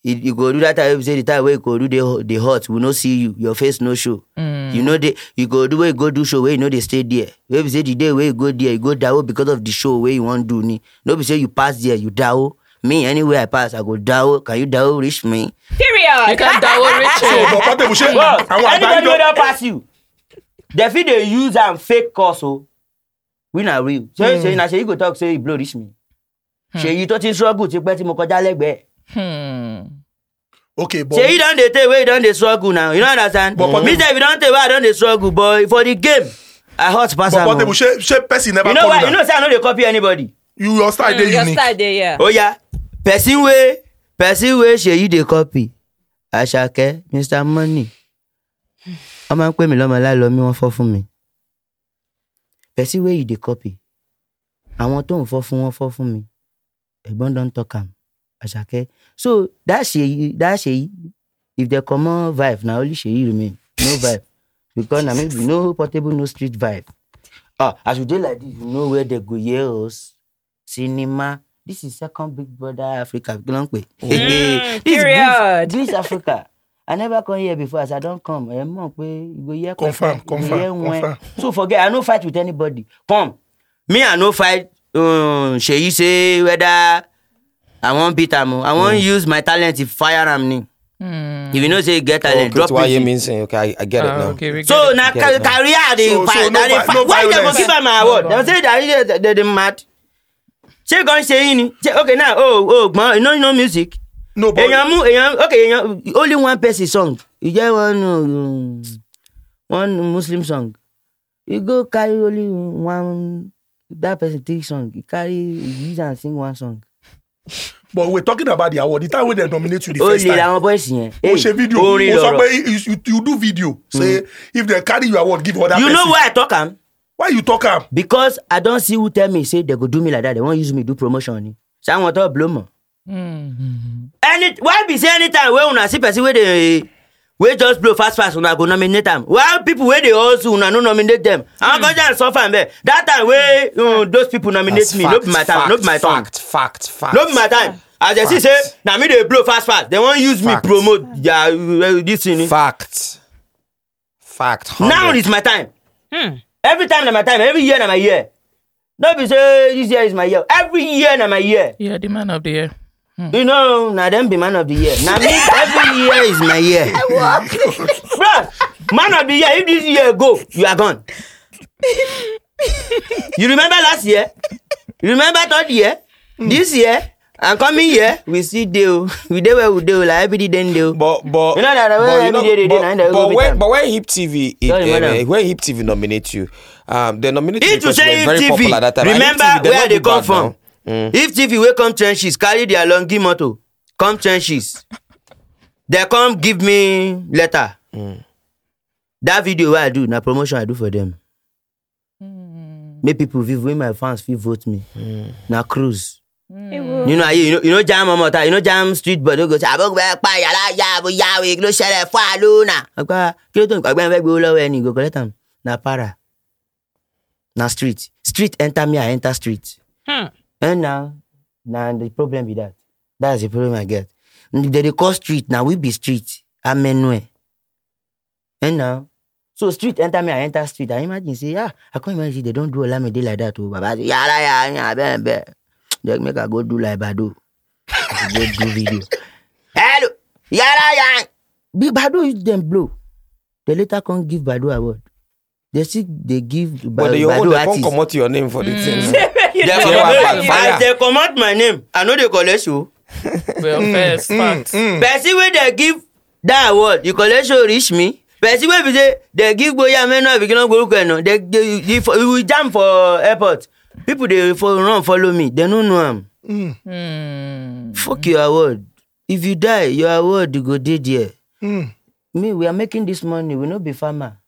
you go do that time wey say the time wey you go do dey dey hot we no see you your face no show mm. you know dey you go do wey you go do show wey you no dey stay there wey be say the day wey you go there you go dawo because of the show wey you wan do ni no be say you pass there you dawo me anywhere i pass i go dawo can you dawo reach me period. you can dawo rachel. so but portable ṣe àwọn àgbájọ. anybody wey don pass you The fit dey use and fake cause o oh. we not real. So ṣe say ṣe you go talk say e blow reach me. ṣèyí hmm. tó ti struggle ti pẹ́ tí mo kọjá lẹ́gbẹ̀ẹ́. Hmm. okay but. ṣèyí don dey tey wey you don't dey struggle now you know understand. but portable me if you don't tey wey i don't dey struggle but for the game i hot pass am But but portable ṣe ṣe person never you know what? you know say i no dey copy anybody. you your style hmm, dey unique. your style dey yeah. oya oh, person wey person Say seyi dey copy àṣàkẹ́ mr money wọ́n máa ń pè mí lọ́mọ láìlọ́mí wọ́n fọ́ fún mi pẹ̀sí wey you dey copy àwọn tó ń fọ́ fún wọn fọ́ fún mi ẹ̀gbọ́n don talk am àṣàkẹ́ so that ṣèyí that ṣèyí if dem comot vibe na only ṣèyí remain no vibe because na maybe no portable no street vibe ah as we dey like this you know where they go hear us cinema this is second big brother africa kí ló ń pè. Mm, <laughs> period <laughs> this is africa i never come here before as i don come ẹ mọ̀ pé ìgbòye pẹpẹ confirm, confirm. so forget i no fight with anybody come me i no fight um, ṣèyí um, say whether i wan beat am o i wan mm. use my talent to fire am ni. Mm. If you know say you get talent, oh, okay, drop it. Why you mean saying okay, I, I get it ah, now. Okay, get so it. na career dey fight. So no, why dem go give am my award? Dem say that they mad ṣé gan ṣe yín ni ok now oh, oh, gbọ́n you know you know music. no boy èèyàn mú èèyàn ok èèyàn only one person song e get one um, one muslim song you go carry only one that person take song you carry you use am sing one song. but we're talking about the award the time wey dem nominate you the first time. o le àwọn boys yẹn. o ṣe video o sọ pé you do video. say hmm. if dem carry your award give other person. you know why i talk am why you talk am. because i don see who tell me say they go do me like that they wan use me do promotion ni sáwọn tó blow mọ. Mm-hmm. any why be say anytime wey una see person wey dey wey just blow fast fast una go nominate am while people wey dey hustle una no nominate dem àwọn hmm. kan just suffer am bẹẹ that time wey um, those people nominate That's me fact, no be my time fact, no be my time fact, fact, fact, no be my time. as dem see say na me dey blow fast fast dem wan use fact. me promote Yeah, uh, this thing. fact fact 100. now is my time. Hmm every time na my time every year na my year no be say this year is my year every year na my year. you yeah, are the man of the year. Hmm. you know na dem be man of the year na me every year is my year. <laughs> bro man of the year if this year go you are gone. you remember last year you remember third year mm. this year And coming here, we see deal. <laughs> We dey where we dey like every day then deal. But but you know that way every know, day they but, day, but, but when but when Hip TV it, eh, Sorry, uh, when Hip TV nominate you, um, they nominate you because you were very TV. popular that time. Remember TV, they where they come from. Mm. If TV wey come trenches carry their longi motor come trenches, they come give me letter. Mm. That video wey I do na promotion I do for them. Mm. Make people view wey my fans fit vote me. Mm. Na cruise nínú ayé you know jam ọmọ ta you know jam street boy lógo àbọ̀gbẹ́ pa yàrá ya bóyá wèé ló ṣẹlẹ̀ fún àlónà. ọgbà kí ló tó nǹkan ọgbà ń fẹ́ gbowó lọ́wọ́ ẹni ìgò kọ́lẹ́tà na para na street street enter me i enter street. Hmm. and now na the problem be that that's the problem i get they dey call street na we be street amenue and now so street enter me i enter street i imagine say ah i come imagine say they don do olamide like that o oh, baba say yàrá yàrá abẹ́ẹ̀ bẹ́ẹ̀. Just make I go do like Badu. go do video. Hello, yara yan. Big Badu is them blow. They later come give Badu award. They see they give Badu, but they, Badu they come out your name for the mm. thing. <laughs> they they come out my name. I know they collect you. <laughs> well, first mm, fact. Mm, mm. Person give that award, the collection reach me. Person wey be say dey give Gboyamenu Abikina Gboruko Eno, dey dey we jam for airport people dey run follow me dem no know am Mm. Hmm. Fuck your award. If you die, your award go dey there. Mm. Me, we are making this money. We no be farmer.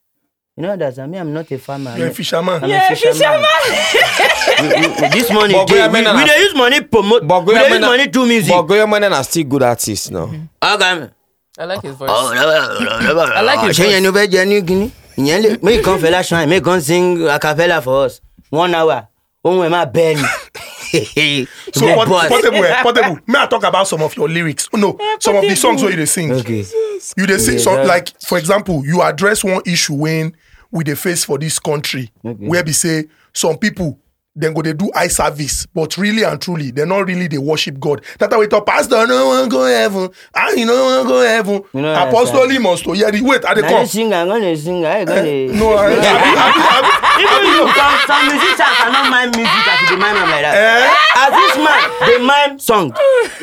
You know that I mean, I'm not a farmer. You're a fisherman. I'm yeah, a fisherman. we, we, this <laughs> money, dey, we, we dey use money promote. we dey use money do music. Bogoya Mena na still good artist now. Okay. I like his oh, voice. Oh, I like his voice. Ṣé yẹn ni o fẹ́ jẹ ní Guinea? Ìyẹn lè, make kan fẹ́ lásán, make kan sing a cappella for us. One hour. Oh, am I Ben? so what, portable, <laughs> portable. May I talk about some of your lyrics? Oh, no, yeah, some of the songs where you sing. Okay. You they sing okay, some like, for example, you address one issue when we the face for this country okay. where we say some people Then go they do eye service but really and truly dem not really they worship god that way we talk pastor no one go heaven ah you no one go heaven Apostle know apostoli must to hear the wait at the come. na sing i go eh, sing i go no even you some some musicians cannot mind music as the dey like that. Eh? as this man dey mime song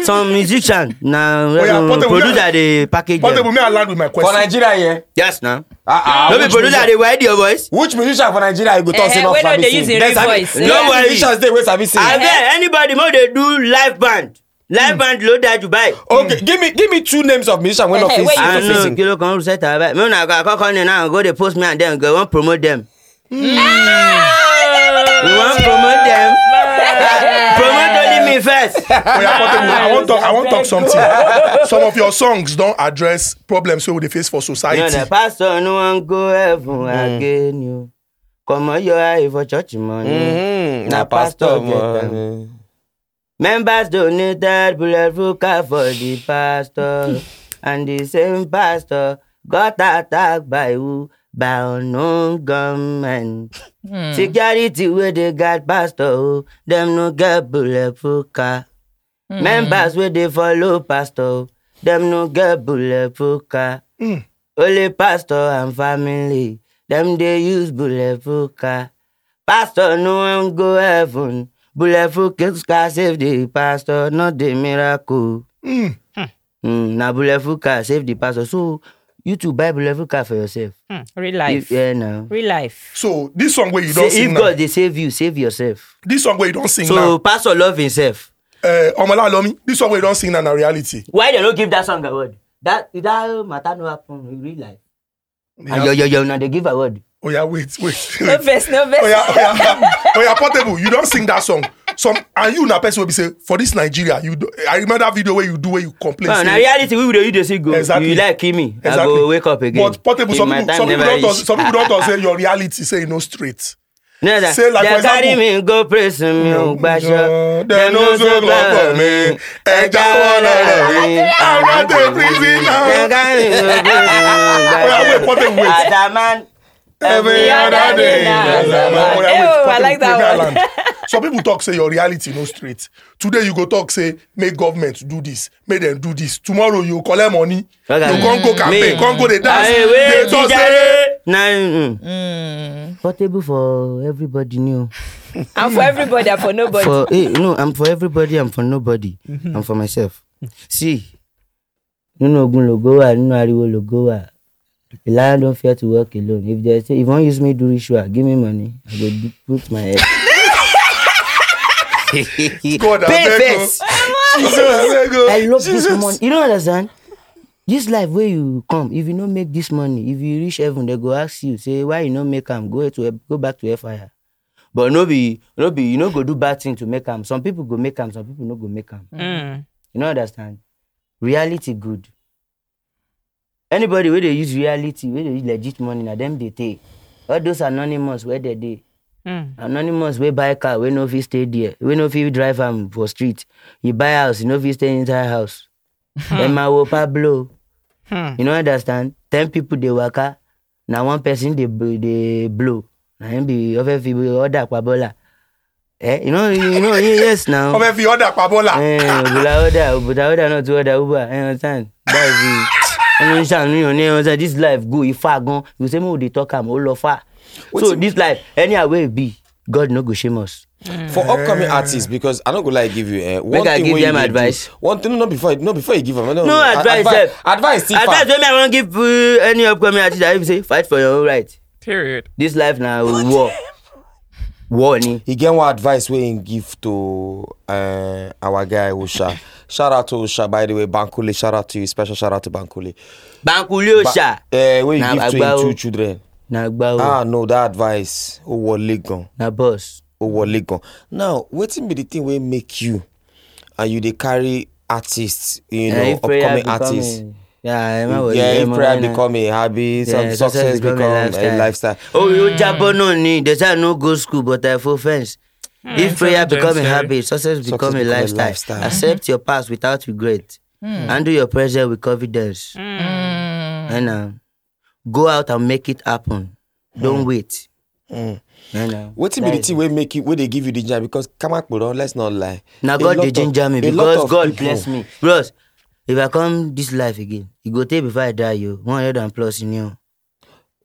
some musician now. na oh, um, that the package dem. portable i land with my question. for nigeria here. Yeah? yes na. Uh-uh. no be producer dey wear your voice. which musician for nigeria you go talk eh, say no sabi sing dem sabi no worry musicians dey wey sabi sing. abeg anybody mo dey do live band live hmm. band ló dájú báyìí. okay give me give me two names of musician. wey no eh, eh, fit sing. i kilo kan rú sẹ́tà báyìí mi ò nà àkọ́kọ́ ni go dey post me and dem go wan promote dem. Mm. Mm. we wan promote dem. Hmm me first. <laughs> Oh, I want to I want talk something. Some of your songs don't address problems we dey face for society. No, the pastor no wan go heaven mm. again you. Comot your eye for church money. Mm-hmm. Na pastor get am. Members donated bulletproof car for the pastor <laughs> and the same pastor got attacked by who? bound no gunman. Hmm. Security where they got pastor, oh, them no get bulletproof car. Mm. Members where they follow pastor, oh, them no get bulletproof car. Mm. Only pastor and family, them they use bulletproof car. Pastor no one go heaven, bulletproof car save the pastor, not the miracle. Mm. Mm, na bulletproof car save the pastor. So you to Bible level car for yourself. Mm, real life. yeah, no. Real life. So this song where you don't sing if now. God they save you, save yourself. This song where you don't sing so, now. pastor love himself. Uh, eh, Omola Lomi, this song where you don't sing now na reality. Why they don't give that song a word? That that matter no happen in real life. Yeah. And yo yo yo now they give a word. Oh yeah, wait, wait. wait. No best no best. Oh yeah, oh yeah, oh yeah, portable. You don't sing that song some and you na person wey be say for this nigeria you do, i remember that video wey you do wey you complain well, say na reality we dey you dey see go exactly. you like kill me exactly. i go wake up again but portable some people some people don talk some people don talk say your reality say e no straight. No, that, say like for example carry me go prison mi ò gbaṣọ dem no so lọkọ mi ẹja wọn lọrọ mi àwọn tó prison náà. dem carry me go prison mi ò gbaṣọ ataman every other day. Oh, I like that one some people talk say your reality no straight today you go talk say make government do this make dem do this tomorrow you collect money okay. you come go mm. campaign come go dey dance dey talk say. na mm. mm. portable for everybody new? o. i'm for everybody i'm for nobody. for eh no i'm for everybody i'm for nobody mm i'm for myself see nínú ogun lògó wà nínú ariwo lògó wà. The lion don't fear to work alone. If they say, if you want use me do ritual, give me money, I go put my head. God, Pay oh. oh. I love Jesus. this money. You don't understand? This life where you come, if you don't make this money, if you reach heaven, they go ask you, say, why you not make them. Go to go back to fire. But no be, no be, you no go do bad thing to make them. Some people go make them. some people no go make them. Mm. You don't understand? Reality good. Anybody where they use reality, where they use legit money, now them they take. All those anonymous where they dey Hmm. anonymous wey buy car wey no fit stay there wey no fit drive am for street You buy house You no fit stay inside house my emma pablo hmm. you no understand ten people dey waka na one person dey blow na him be fi order pabola eh you know you know yes now. na <laughs> fi order pabola eh obula order obula order not to order uber i understand that's it i mean sha you know this life go ifa far gan you say mo we dey talk am o lo far so dis life anyhow wey be god no go shame us. Mm. for upcoming artists because i no go lie give you eh, one make thing wey you dey advice. do one thing no before no before you give am no, no advice eh. advice advice still far advice wey me i wan give uh, any upcoming artist i be say fight for your own right. period this life na war war ni. e get one advice wey im give to uh, our guy osha shout out to osha by the way bankole shout out to you special shout out to bankole. bankole osha ba, uh, wey you give to im two children na gbawo. ah no that advice ó wọlé gan. na boss. ó wọlé gan now wetin be the thing wey make you and you dey carry artists you know yeah, upcoming artists. A... Yeah, yeah, if prayer become a habit, yeah, success, success become, become a lifestyle. A lifestyle. Oh, you mm. jabo no ni. They say no go school, but I full fence. Mm. If prayer become a habit, success, success become a lifestyle. A lifestyle. Accept your past without regret. Mm. Handle your present with confidence. Mm. And, go out and make it happen don't mm. wait. Mm. wetin be the thing wey make you wey dey give you the ginger because kamakporo let's not lie. na god dey ginger me because god people. bless me bros if i come this life again e go tey before i die yo, one hundred and plus in o.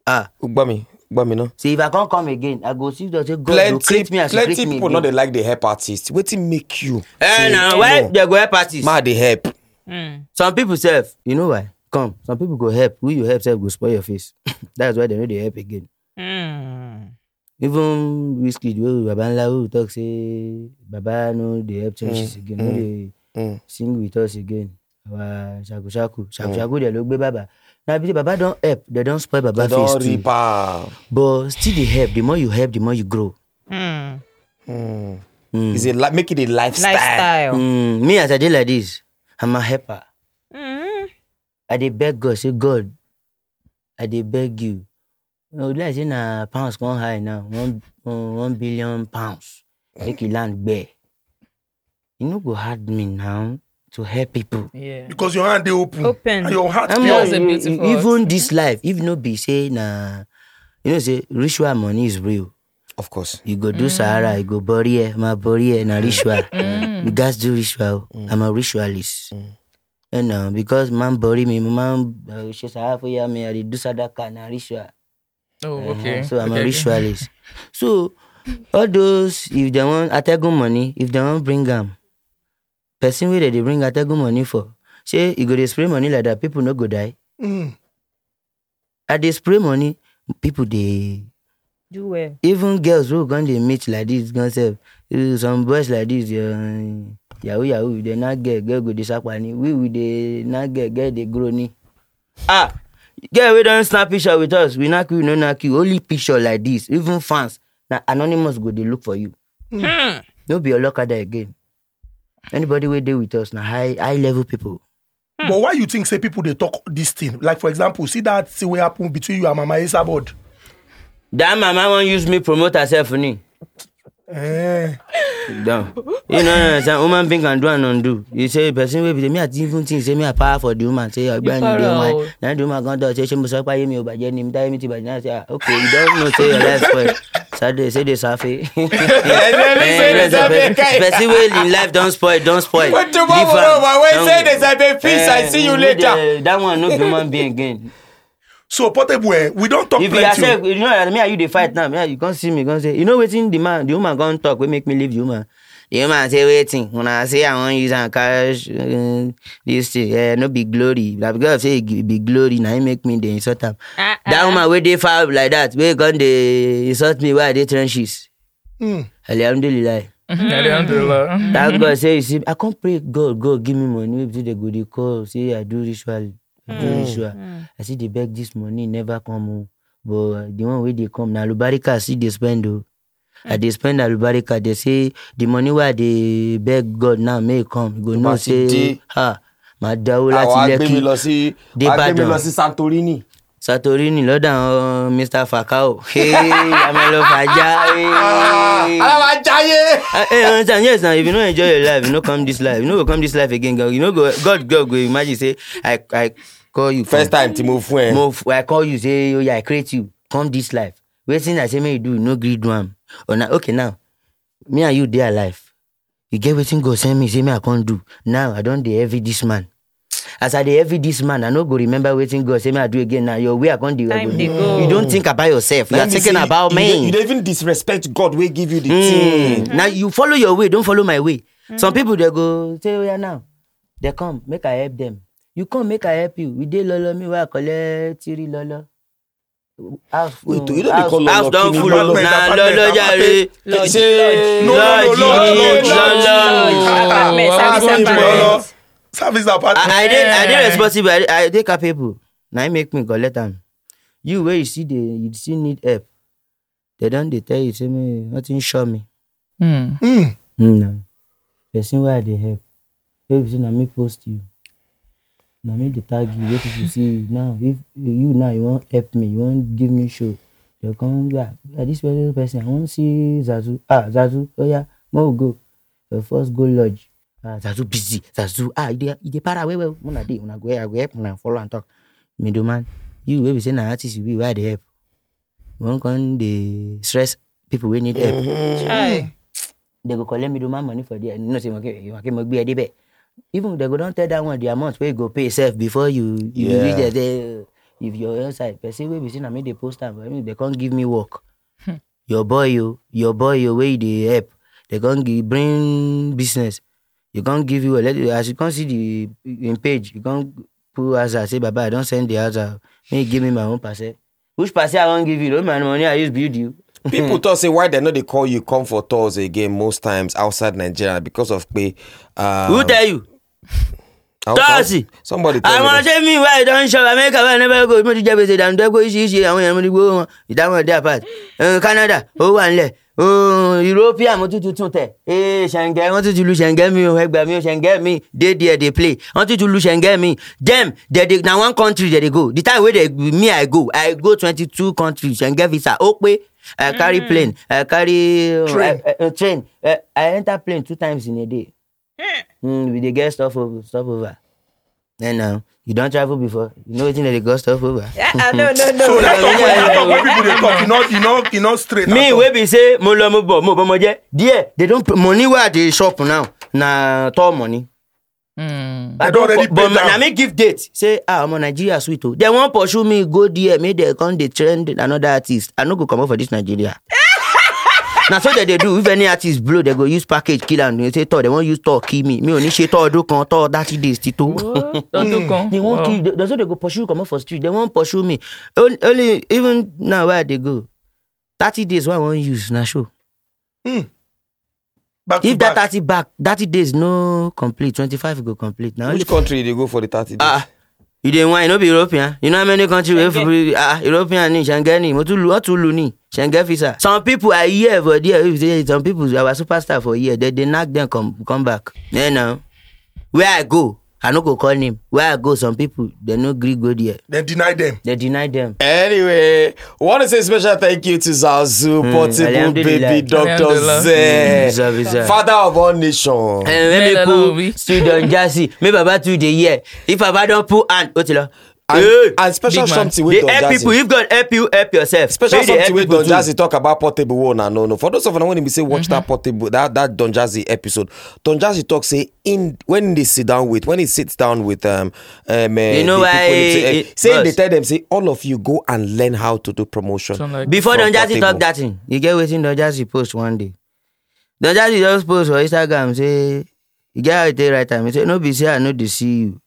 ah gbọ́ mi gbọ́ mi ná. say if i come come again i go see doctor god plenty, go creep me as he creep me again. plenty people no dey like dey help artist wetin make you. ẹ eh, na why dey go help artist. ma dey help. Mm. some people sef you know why come some people go help who you help sef go spoil your face <laughs> that's why they no dey help again. Mm. even wizkid wey baba ńlá wey we talk say baba no they help churches mm. again no they hmm, mm. sing with us again our shakushaku hmm. shakushaku They look be baba Now, bí baba don't help They don't spoil baba they face too but still they help the more you help the more you grow. Mm. Mm. Mm. It's a, make it a lifestyle. lifestyle. Mm. me as i dey like this i'm a helper i dey beg god say god i dey beg you e go be like say na pounds come high now one one billion pounds make you land gbeh e no go hard me now to help people. Yeah. because your hand dey open, open and your heart dey open. E, even this life if no be say na you know say ritual money is real. of course. you go do mm. sahara you go bury here ma bury here na ritual. Mm. you gats do ritual mm. i'm a ritualist. Mm. You know, because mo bury me, borí mi, mo máa me. I dey do sadaka na ritual. Oh, okay. uh So I'm okay, a ritualist. so all those, if they want Ategun money, if they want bring am, person where they bring Ategun money for, say you go dey spray money like that, people no go die. Mm. I dey spray money, people they Do well. Even girls who gone dey meet like this, gone sef, some boys like this, yeah yahoo yahoo we dey knack girl get go dey sapani we we dey knack girl girl dey groany ah girl wey don snap picture with us we knack you no knack you only picture like this even fans na anonymous go dey look for you mm. no be olokada again anybody wey dey with us na high high level people. Mm. but why you think say people dey talk this thing like for example see that thing wey happen between you and mama esabod. that mama wan use me promote herself ni down you know understand woman think and do and undo you say person wey be say me ati different things. say me a power for the woman say oh, ọgbẹni the woman na the woman kan talk say ṣé mo sọ pé ayé Me ò bàjẹ́ Him die. Me to ti bàjẹ́ say ah, okay you don know say your life spoil saturday say dey <laughs> eh, safe person wey in life Don't spoil Don't spoil But tomorrow, my give am peace, I eh, see you later." Eh, that one no be human being again so portable eh, we don't talk if plenty if you yourself you know eh, me and you dey fight now me you can't see me come say you know waiting the man the woman come talk We make me leave the woman the woman say waiting. When I say i want use am cash, uh, this thing eh no be glory na girl say e be glory Now im e make me the insult am uh, that ah. woman wey dey far like that wey come dey insult me while i dey trenches mm. alhamdulilah. Mm. Mm-hmm. that God say you see I can't pray God God give me money We do the they call See I do ritual during hmm. hmm. Shua. Hmm. I see they beg this money, never come home. Oh. But the one way they come, now Lubarika, I see they spend though. I they spend Lubarika. They say the money where they beg God now may come go no say ha màá dáwó láti Lẹ́kì Santorini. Santorini lọ́dọ̀ àwọn Mr Fakao amẹ́lò fàájà. aláwa jáyé. ẹ ẹ understand yes na if you no enjoy your life you no come this life you no go come this life again you no go God God go imagine say I I call you. first time tí mo fún ẹ. mo I call you say oya oh, I create you come this life wetin I say make you do you no gree do am una oh, okay now me and you dey alive you get wetin God send me say me I come do now I don dey heavy this man as i dey heavy this man i no go remember wetin god say make i do again na your way i come dey go you don think about yourself you are thinking about me you dey even disrespect god wey give you the thing na you follow your way don follow my way some people dey go say oya now dey come make i help them you come make i help you we dey lolo me wey i collect three lolo house don full up na lolo jare ṣe lọjì lọjì lọjì lọjì lọjì lọjì service na part of i dey i dey eh. responsible i i dey capable na im make me go let am you wey you still dey you still need help dem don dey tell you say me nothing sure me. Mm. Mm. Mm. person wey i dey help wey be say na me post you na me dey tag you wey people see you now if you now you wan help me you wan give me show you come back ah this person person i wan see zazu ah zazu oya oh yeah, Mo go your first go lodge ah zazu busy zazu ah you dey you dey para well well una dey una go here go help una follow am talk middleman you wey be say na artist you be why i dey help one con dey stress people wey need help. dem mm-hmm. go collect middleman money for there you know say wake mo gbe ẹ débẹ even dem go don tell that one the amount wey you go pay sef before you you yeah. reach there say if your own side person wey be say na me dey post am dem come give me work hmm. your boy o oh, your boy o oh, wey you dey help dem come bring business you can't give you a letter. As you can see the in page, you can't as I say, Baba, I don't send the other. May give me my own passe. Which passe I won't give you? my money, I use build you. <laughs> People talk say why they know they call you come for tours again most times outside Nigeria because of pay. Um, Who tell you? <laughs> Tọ́ọ̀sì. Somebody tell me. Àwọn ṣé mi wá ìdán ṣọ Amẹ́ríkà wá You kò mo ti jẹ́ gbèsè go. You kó iṣẹ́ iṣẹ́ àwọn èèyàn You don't want wọn ìdáwọn ọ̀dẹ́ apart. Canada ó wà nílẹ̀ european mo tún tuntun tẹ̀ ee eh, ṣẹ̀ǹgẹ̀ wọ́n tún ti lu ṣẹ̀ǹgẹ̀ mi o ẹgbẹ̀ mi o ṣẹ̀ǹgẹ̀ mi dey there dey play wọ́n tún ti lu ṣẹ̀ǹgẹ̀ mi dem dey dey na one country dey go the time wey dey me i go i go twenty two countries ṣẹ̀ǹgẹ̀ visa ó pé i carry mm. plane i carry train, i enter plane two times in a day mm. Mm, we dey get stop over And now, uh, you don't travel before. You know anything that they got stuff over. Uh, <laughs> no, no, no. so that's why that people they talk, you know, you know, you know straight. Me wey be say mo lọ mo bọ mo bọ mo jẹ there they don money where they shop now na tall money. Mm. I don't already pay But na me give date say ah I'm a Nigeria sweet They Dem wan pursue me go there make they come they trend another artist. I no go comot for this Nigeria. Eh, na so dem dey do if any artist blow dem go use package kill am dem say tọ dem wan use tọ kill me mi ò ní ṣe tọ ọdún kan tọ thirty days ti tó. ọdún mm. kan they dem so dem go pursue comot for street dem wan pursue me only even now wey i dey go thirty days wey i wan use na show. Hmm. Back if that thirty back thirty days no complete twenty five go complete now which country you dey go for the thirty days. Uh, you dey whine no be european you know how many countries wey free ah european ni schengen ni mo tún lu wọn tún lu ni schengen visa some people are here for there if they some people our superstar for here they dey knack them come come back You know where i go I no go call him. Where I go, some people they no agree go there. They deny them. They deny them. Anyway, want to say special thank you to Zazu, mm, Portable Baby, Doctor Z, mm, Father of all nations. And eh, let me put don't just see me, Baba the year. If Baba don't put hand, what's and, and special Big something wey don jazzy. dey help people if god help you help yourself. special Maybe something wey don jazzy talk about portable one. una know no for those of una wey be say watch mm -hmm. that portable that that don jazzy episode don jazzy talk say in when he sit down with when he sits down with um, um, uh, you uh, know why say, uh, say he dey tell them say all of you go and learn how to do promotion. Like before don jazzy talk that thing you get wetin don jazzy post one day don jazzy just post for instagram say you get how you right time. he say no be say i no dey see you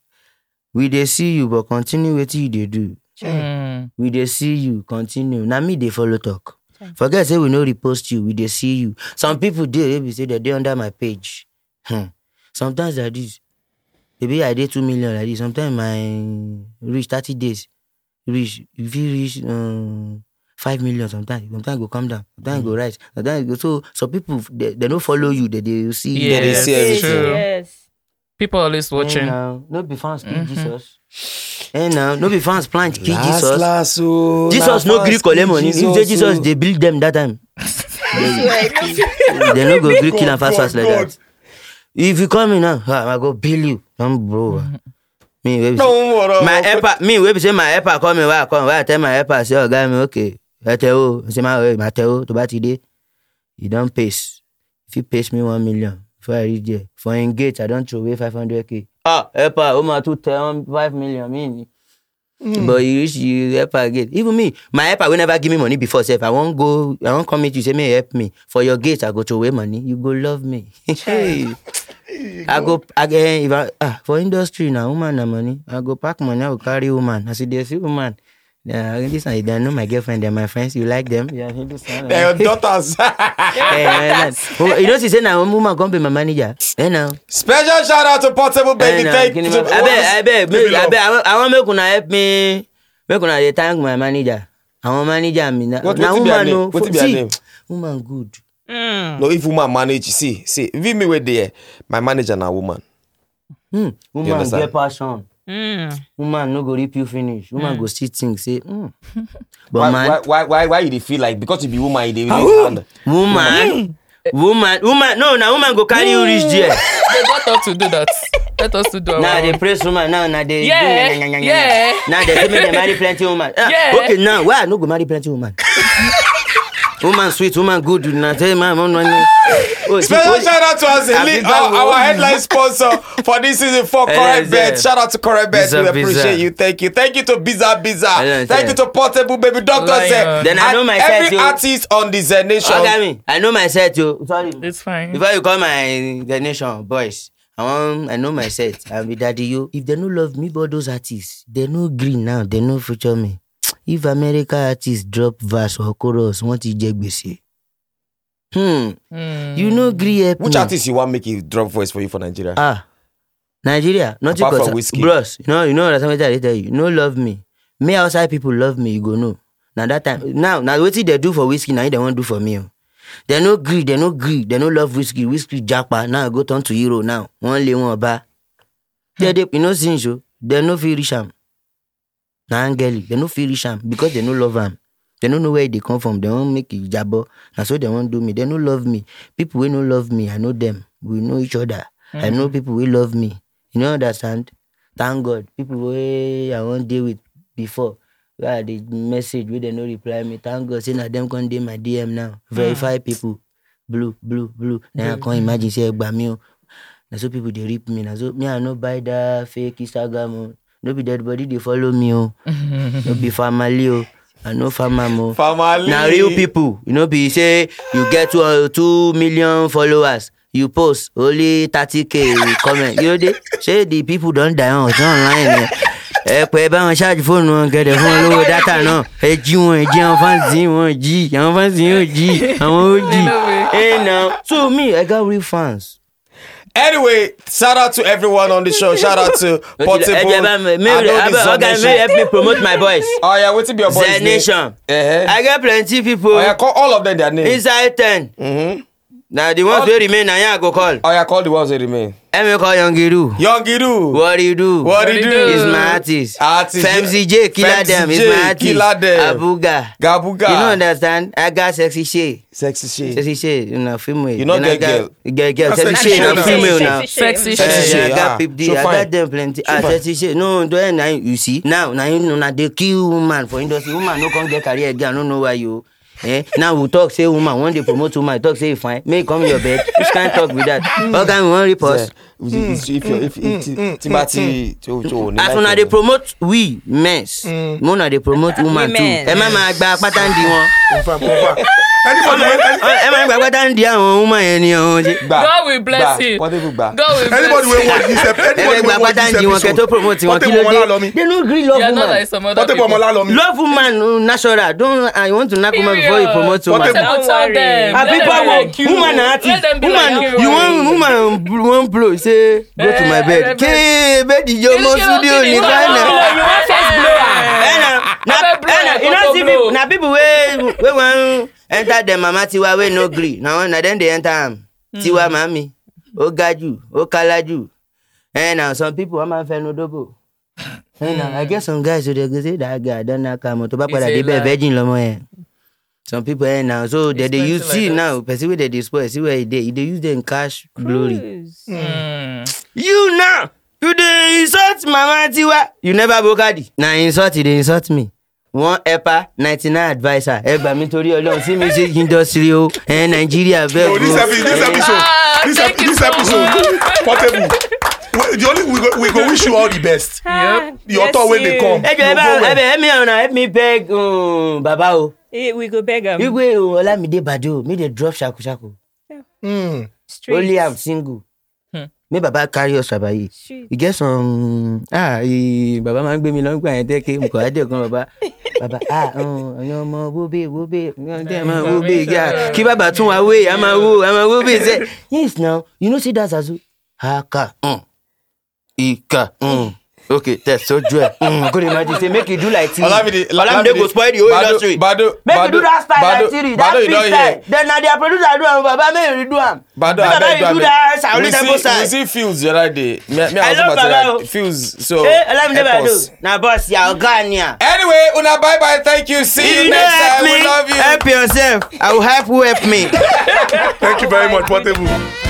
we dey see you but continue wetin you dey do hmm. we dey see you continue na me dey follow talk forget say we no repost you we dey see you some people dey wey be say dem dey under my page hmm. sometimes like this maybe i dey two million like this sometimes my reach thirty days reach you e fit reach um, five million sometimes sometimes e go come down sometimes mm. go hmm. rise sometimes go so some people they, no follow you they dey see yes, dey see everything. Yes. People always watching. Hey now, no be fans mm-hmm. Jesus. Hey now, no be fans plant kill Jesus. Oh, last, Jesus no gree collect money. If Jesus, oh. they build them that time. they no go Greek kill am fast fast like oh, that. If you come in now, ah, I go bill you. I'm bro. Me wey be say my epa. Me where be say my epa call me where I come. Where I tell my epa. say oga mi okay. I tell o, say my way, my tell you. To bá ti you don't pace. If you pace me one million. Farije Fọyingate I don away five hundred k ah epa, ó máa tún tẹ five million mí ni. Mm. But you reach you helper gate. Even me, my helper will never give me money before self. I won't go, I won't come meet you, say me help me. For your gate, I go throw away money. You go love me. <laughs> I go again eh, if I ah, for industry now, woman na money. I go pack money, I go carry woman. I see there's woman. Yeah, this one, they're not my girlfriend, they're my friends. You like them? Yeah, They're eh, your daughters. yeah, <laughs> oh, you know, she said, now, woman, come be my manager. Hey, eh, now. Special shout out to Portable eh, Baby. Thank you. I bet, I bet, I bet, I want me to help me. Make una dey thank my manager. Our manager, me now. What, now, woman, no. What is your name? Woman, good. Mm. No, if woman manage, see, see, if me were there, my manager now woman. Hmm. Woman, get passion. Hmm. woman no go rip you finish woman hmm. go still think say hmm <laughs> but man why why why you dey feel like because you be woman you dey raise hand woman hmm. eh. woman woman no na woman go carry you reach there <laughs> they got us to do that let us to do our now they press woman now now they yeah. do yeah. yeah. now they say make them marry plenty woman ah, <laughs> yeah. okay now why i no go marry plenty woman woman sweet woman good na tell my mom no ni. special shout out to us our, headline sponsor for this season for <laughs> eh, correct eh, bet eh. shout out to correct bet we appreciate you thank you thank you to biza biza thank you to portable baby doctor Then I know my set. every artist on the zen nation. oga mi i know my set o sorry It's fine. before you call my zen nation boys. I I know my set. I'll be daddy you. If they no love me, but those artists, they no green now. They no future me if American artists drop verse or chorus, wọ́n ti jẹ gbèsè. Hmm. Mm. You no gree help Which artist you want make a drop voice for you for Nigeria? Ah, Nigeria. Not Apart Bros, you know, you know that's what I tell you. No love me. Me outside people love me, you go know. Now that time, now, now what they do for whiskey, now they won't do for me. They no gree, they no gree, they no love whiskey, whiskey japa. Now I go turn to hero now. One lay one ba. They, they, you know, since you, they no feel rich. Am na angelic dem no fit reach am because dem no love am dem no know where e dey come from dem wan make e jabo na so dem wan do me dem no love me people wey no love me i know dem we know each other mm. i know mm. people wey love me you no understand thank god people wey i wan dey with before wey i dey message wey dem no reply me thank god say na dem come dey my dm now verify mm. people blue blue blue na i come mm. imagine say ẹ gbà mí o na so people dey rip me na so me i no buy that fake instagram o no be dead body dey follow me o oh. no be family o oh. i no farm am o na real people you know be say you get two, two million followers you post only thirty k comment you know dey say the people don die on ọjọ́ online eh. ẹ ẹ pẹ báwọn ṣáàjì fóònù wọn gẹdẹ fún wọn lówó dátà náà ẹ jí wọn ẹ jí àwọn fáǹsì wọn jí àwọn fáǹsì yóò jí àwọn ó jí ẹ nà so me i got real fans Anyway, shout out to everyone on the show. Shout out to <laughs> Portable. Uh, I Okay, help me promote my boys. Oh yeah, what's your boys? Zen Nation. Uh-huh. I got plenty people. Oh, yeah, call all of them their name. Inside ten. Mm-hmm na the ones wey remain na yan i go call oya oh, call the ones wey remain emi call yongiru yongiru woridu woridu He's my artist artist femsi j killer dem is my artist abuga gabuga you no understand I got sexy she. sexy she. sexy she. You na female you no get girl get girl sexy shay na female na sexy she. she. Sexy I got pip ah, I got dem plenty ah sexy she. no then na you see now na you na dey kill woman for industry woman no come get career again i no know why you. Eh? Now we talk say woman, when they promote woman, talk say fine. May come in your bed. you can't talk with that? Mm. What kind one report? As una dey promote we men, mo mm. una dey promote woman too. Ẹ má máa gba apáta ń di wọn. Ẹ má gba apáta ń di àwọn woman yẹn ni God will bless him. God will bless him. Anybody wey watch this episode. Ẹ gba apáta ń di wọn kẹ́ tó promote wọn kí ló They no gree love woman. Love woman natural. Don't I want to knack woman before you promote woman. Don't worry. Abi bawo woman artist woman you want woman wan blow say go to my eh, bed. Eh, Kee eh. bed is your most studio in Ghana. You want first blow am. Ah? Na na you know see people na people wey wey want enter dem mama tiwa wey no gree Now na then they enter am. Hmm. Tiwa mami o ga ju o kala ju. now some people wọn máa ń fẹnu now I guess some guys who they go say that guy don't come. am o tó bá padà virgin lọ́mọ yẹn some people eh, now so they they use see like now person where they dey see where they they e, e use dem cash glory mm. you now you dey insult mama tiwa you never bokadi na insult you e dey insult me One ẹpa ninety advisor. adviser me gbà mí torí Ọlọ́run sí mi sí industry o ẹ Nàìjíríà bẹ́ẹ̀ oh, o. this episode ah, this episode portable the only we go, we go <laughs> wish you all the best. Ah, yep. the yes, when they come. hey baby, ẹ bá help me una help me beg um, mm, baba o. Hey, eh, we go beg You am. wíwé olamide bado make dey drop shakusaku. Yeah. Mm. Street. only I'm single. Hmm. Me baba carry us abayi e get some mm, ah e, baba man be gbé mi lọ́gbà yẹn tẹ́ kí n kọ́ adé baba baba ah mm, ọyàn ọmọ wóbe wóbe ọyàn ọmọ wóbe ya kí baba tún wa wé a máa wó a máa wóbe sẹ yes now you know say that azu, haka. Mm ìkà mm. okay that's so true. go dey imagine say make you do like tiri olamide olamide go spoil the whole industry bado make you do that style Badu. like tiri that big style then na their producer do am baba make you do Badu. bado abeg do am we see we see fields the other day me me and Badu. husband fields so hey, eh, olamide Badu. na boss ya oga ni am. anyway una bye bye thank you see you, you next time me. we love you. help yourself i will help who help me. <laughs> thank you very much portable.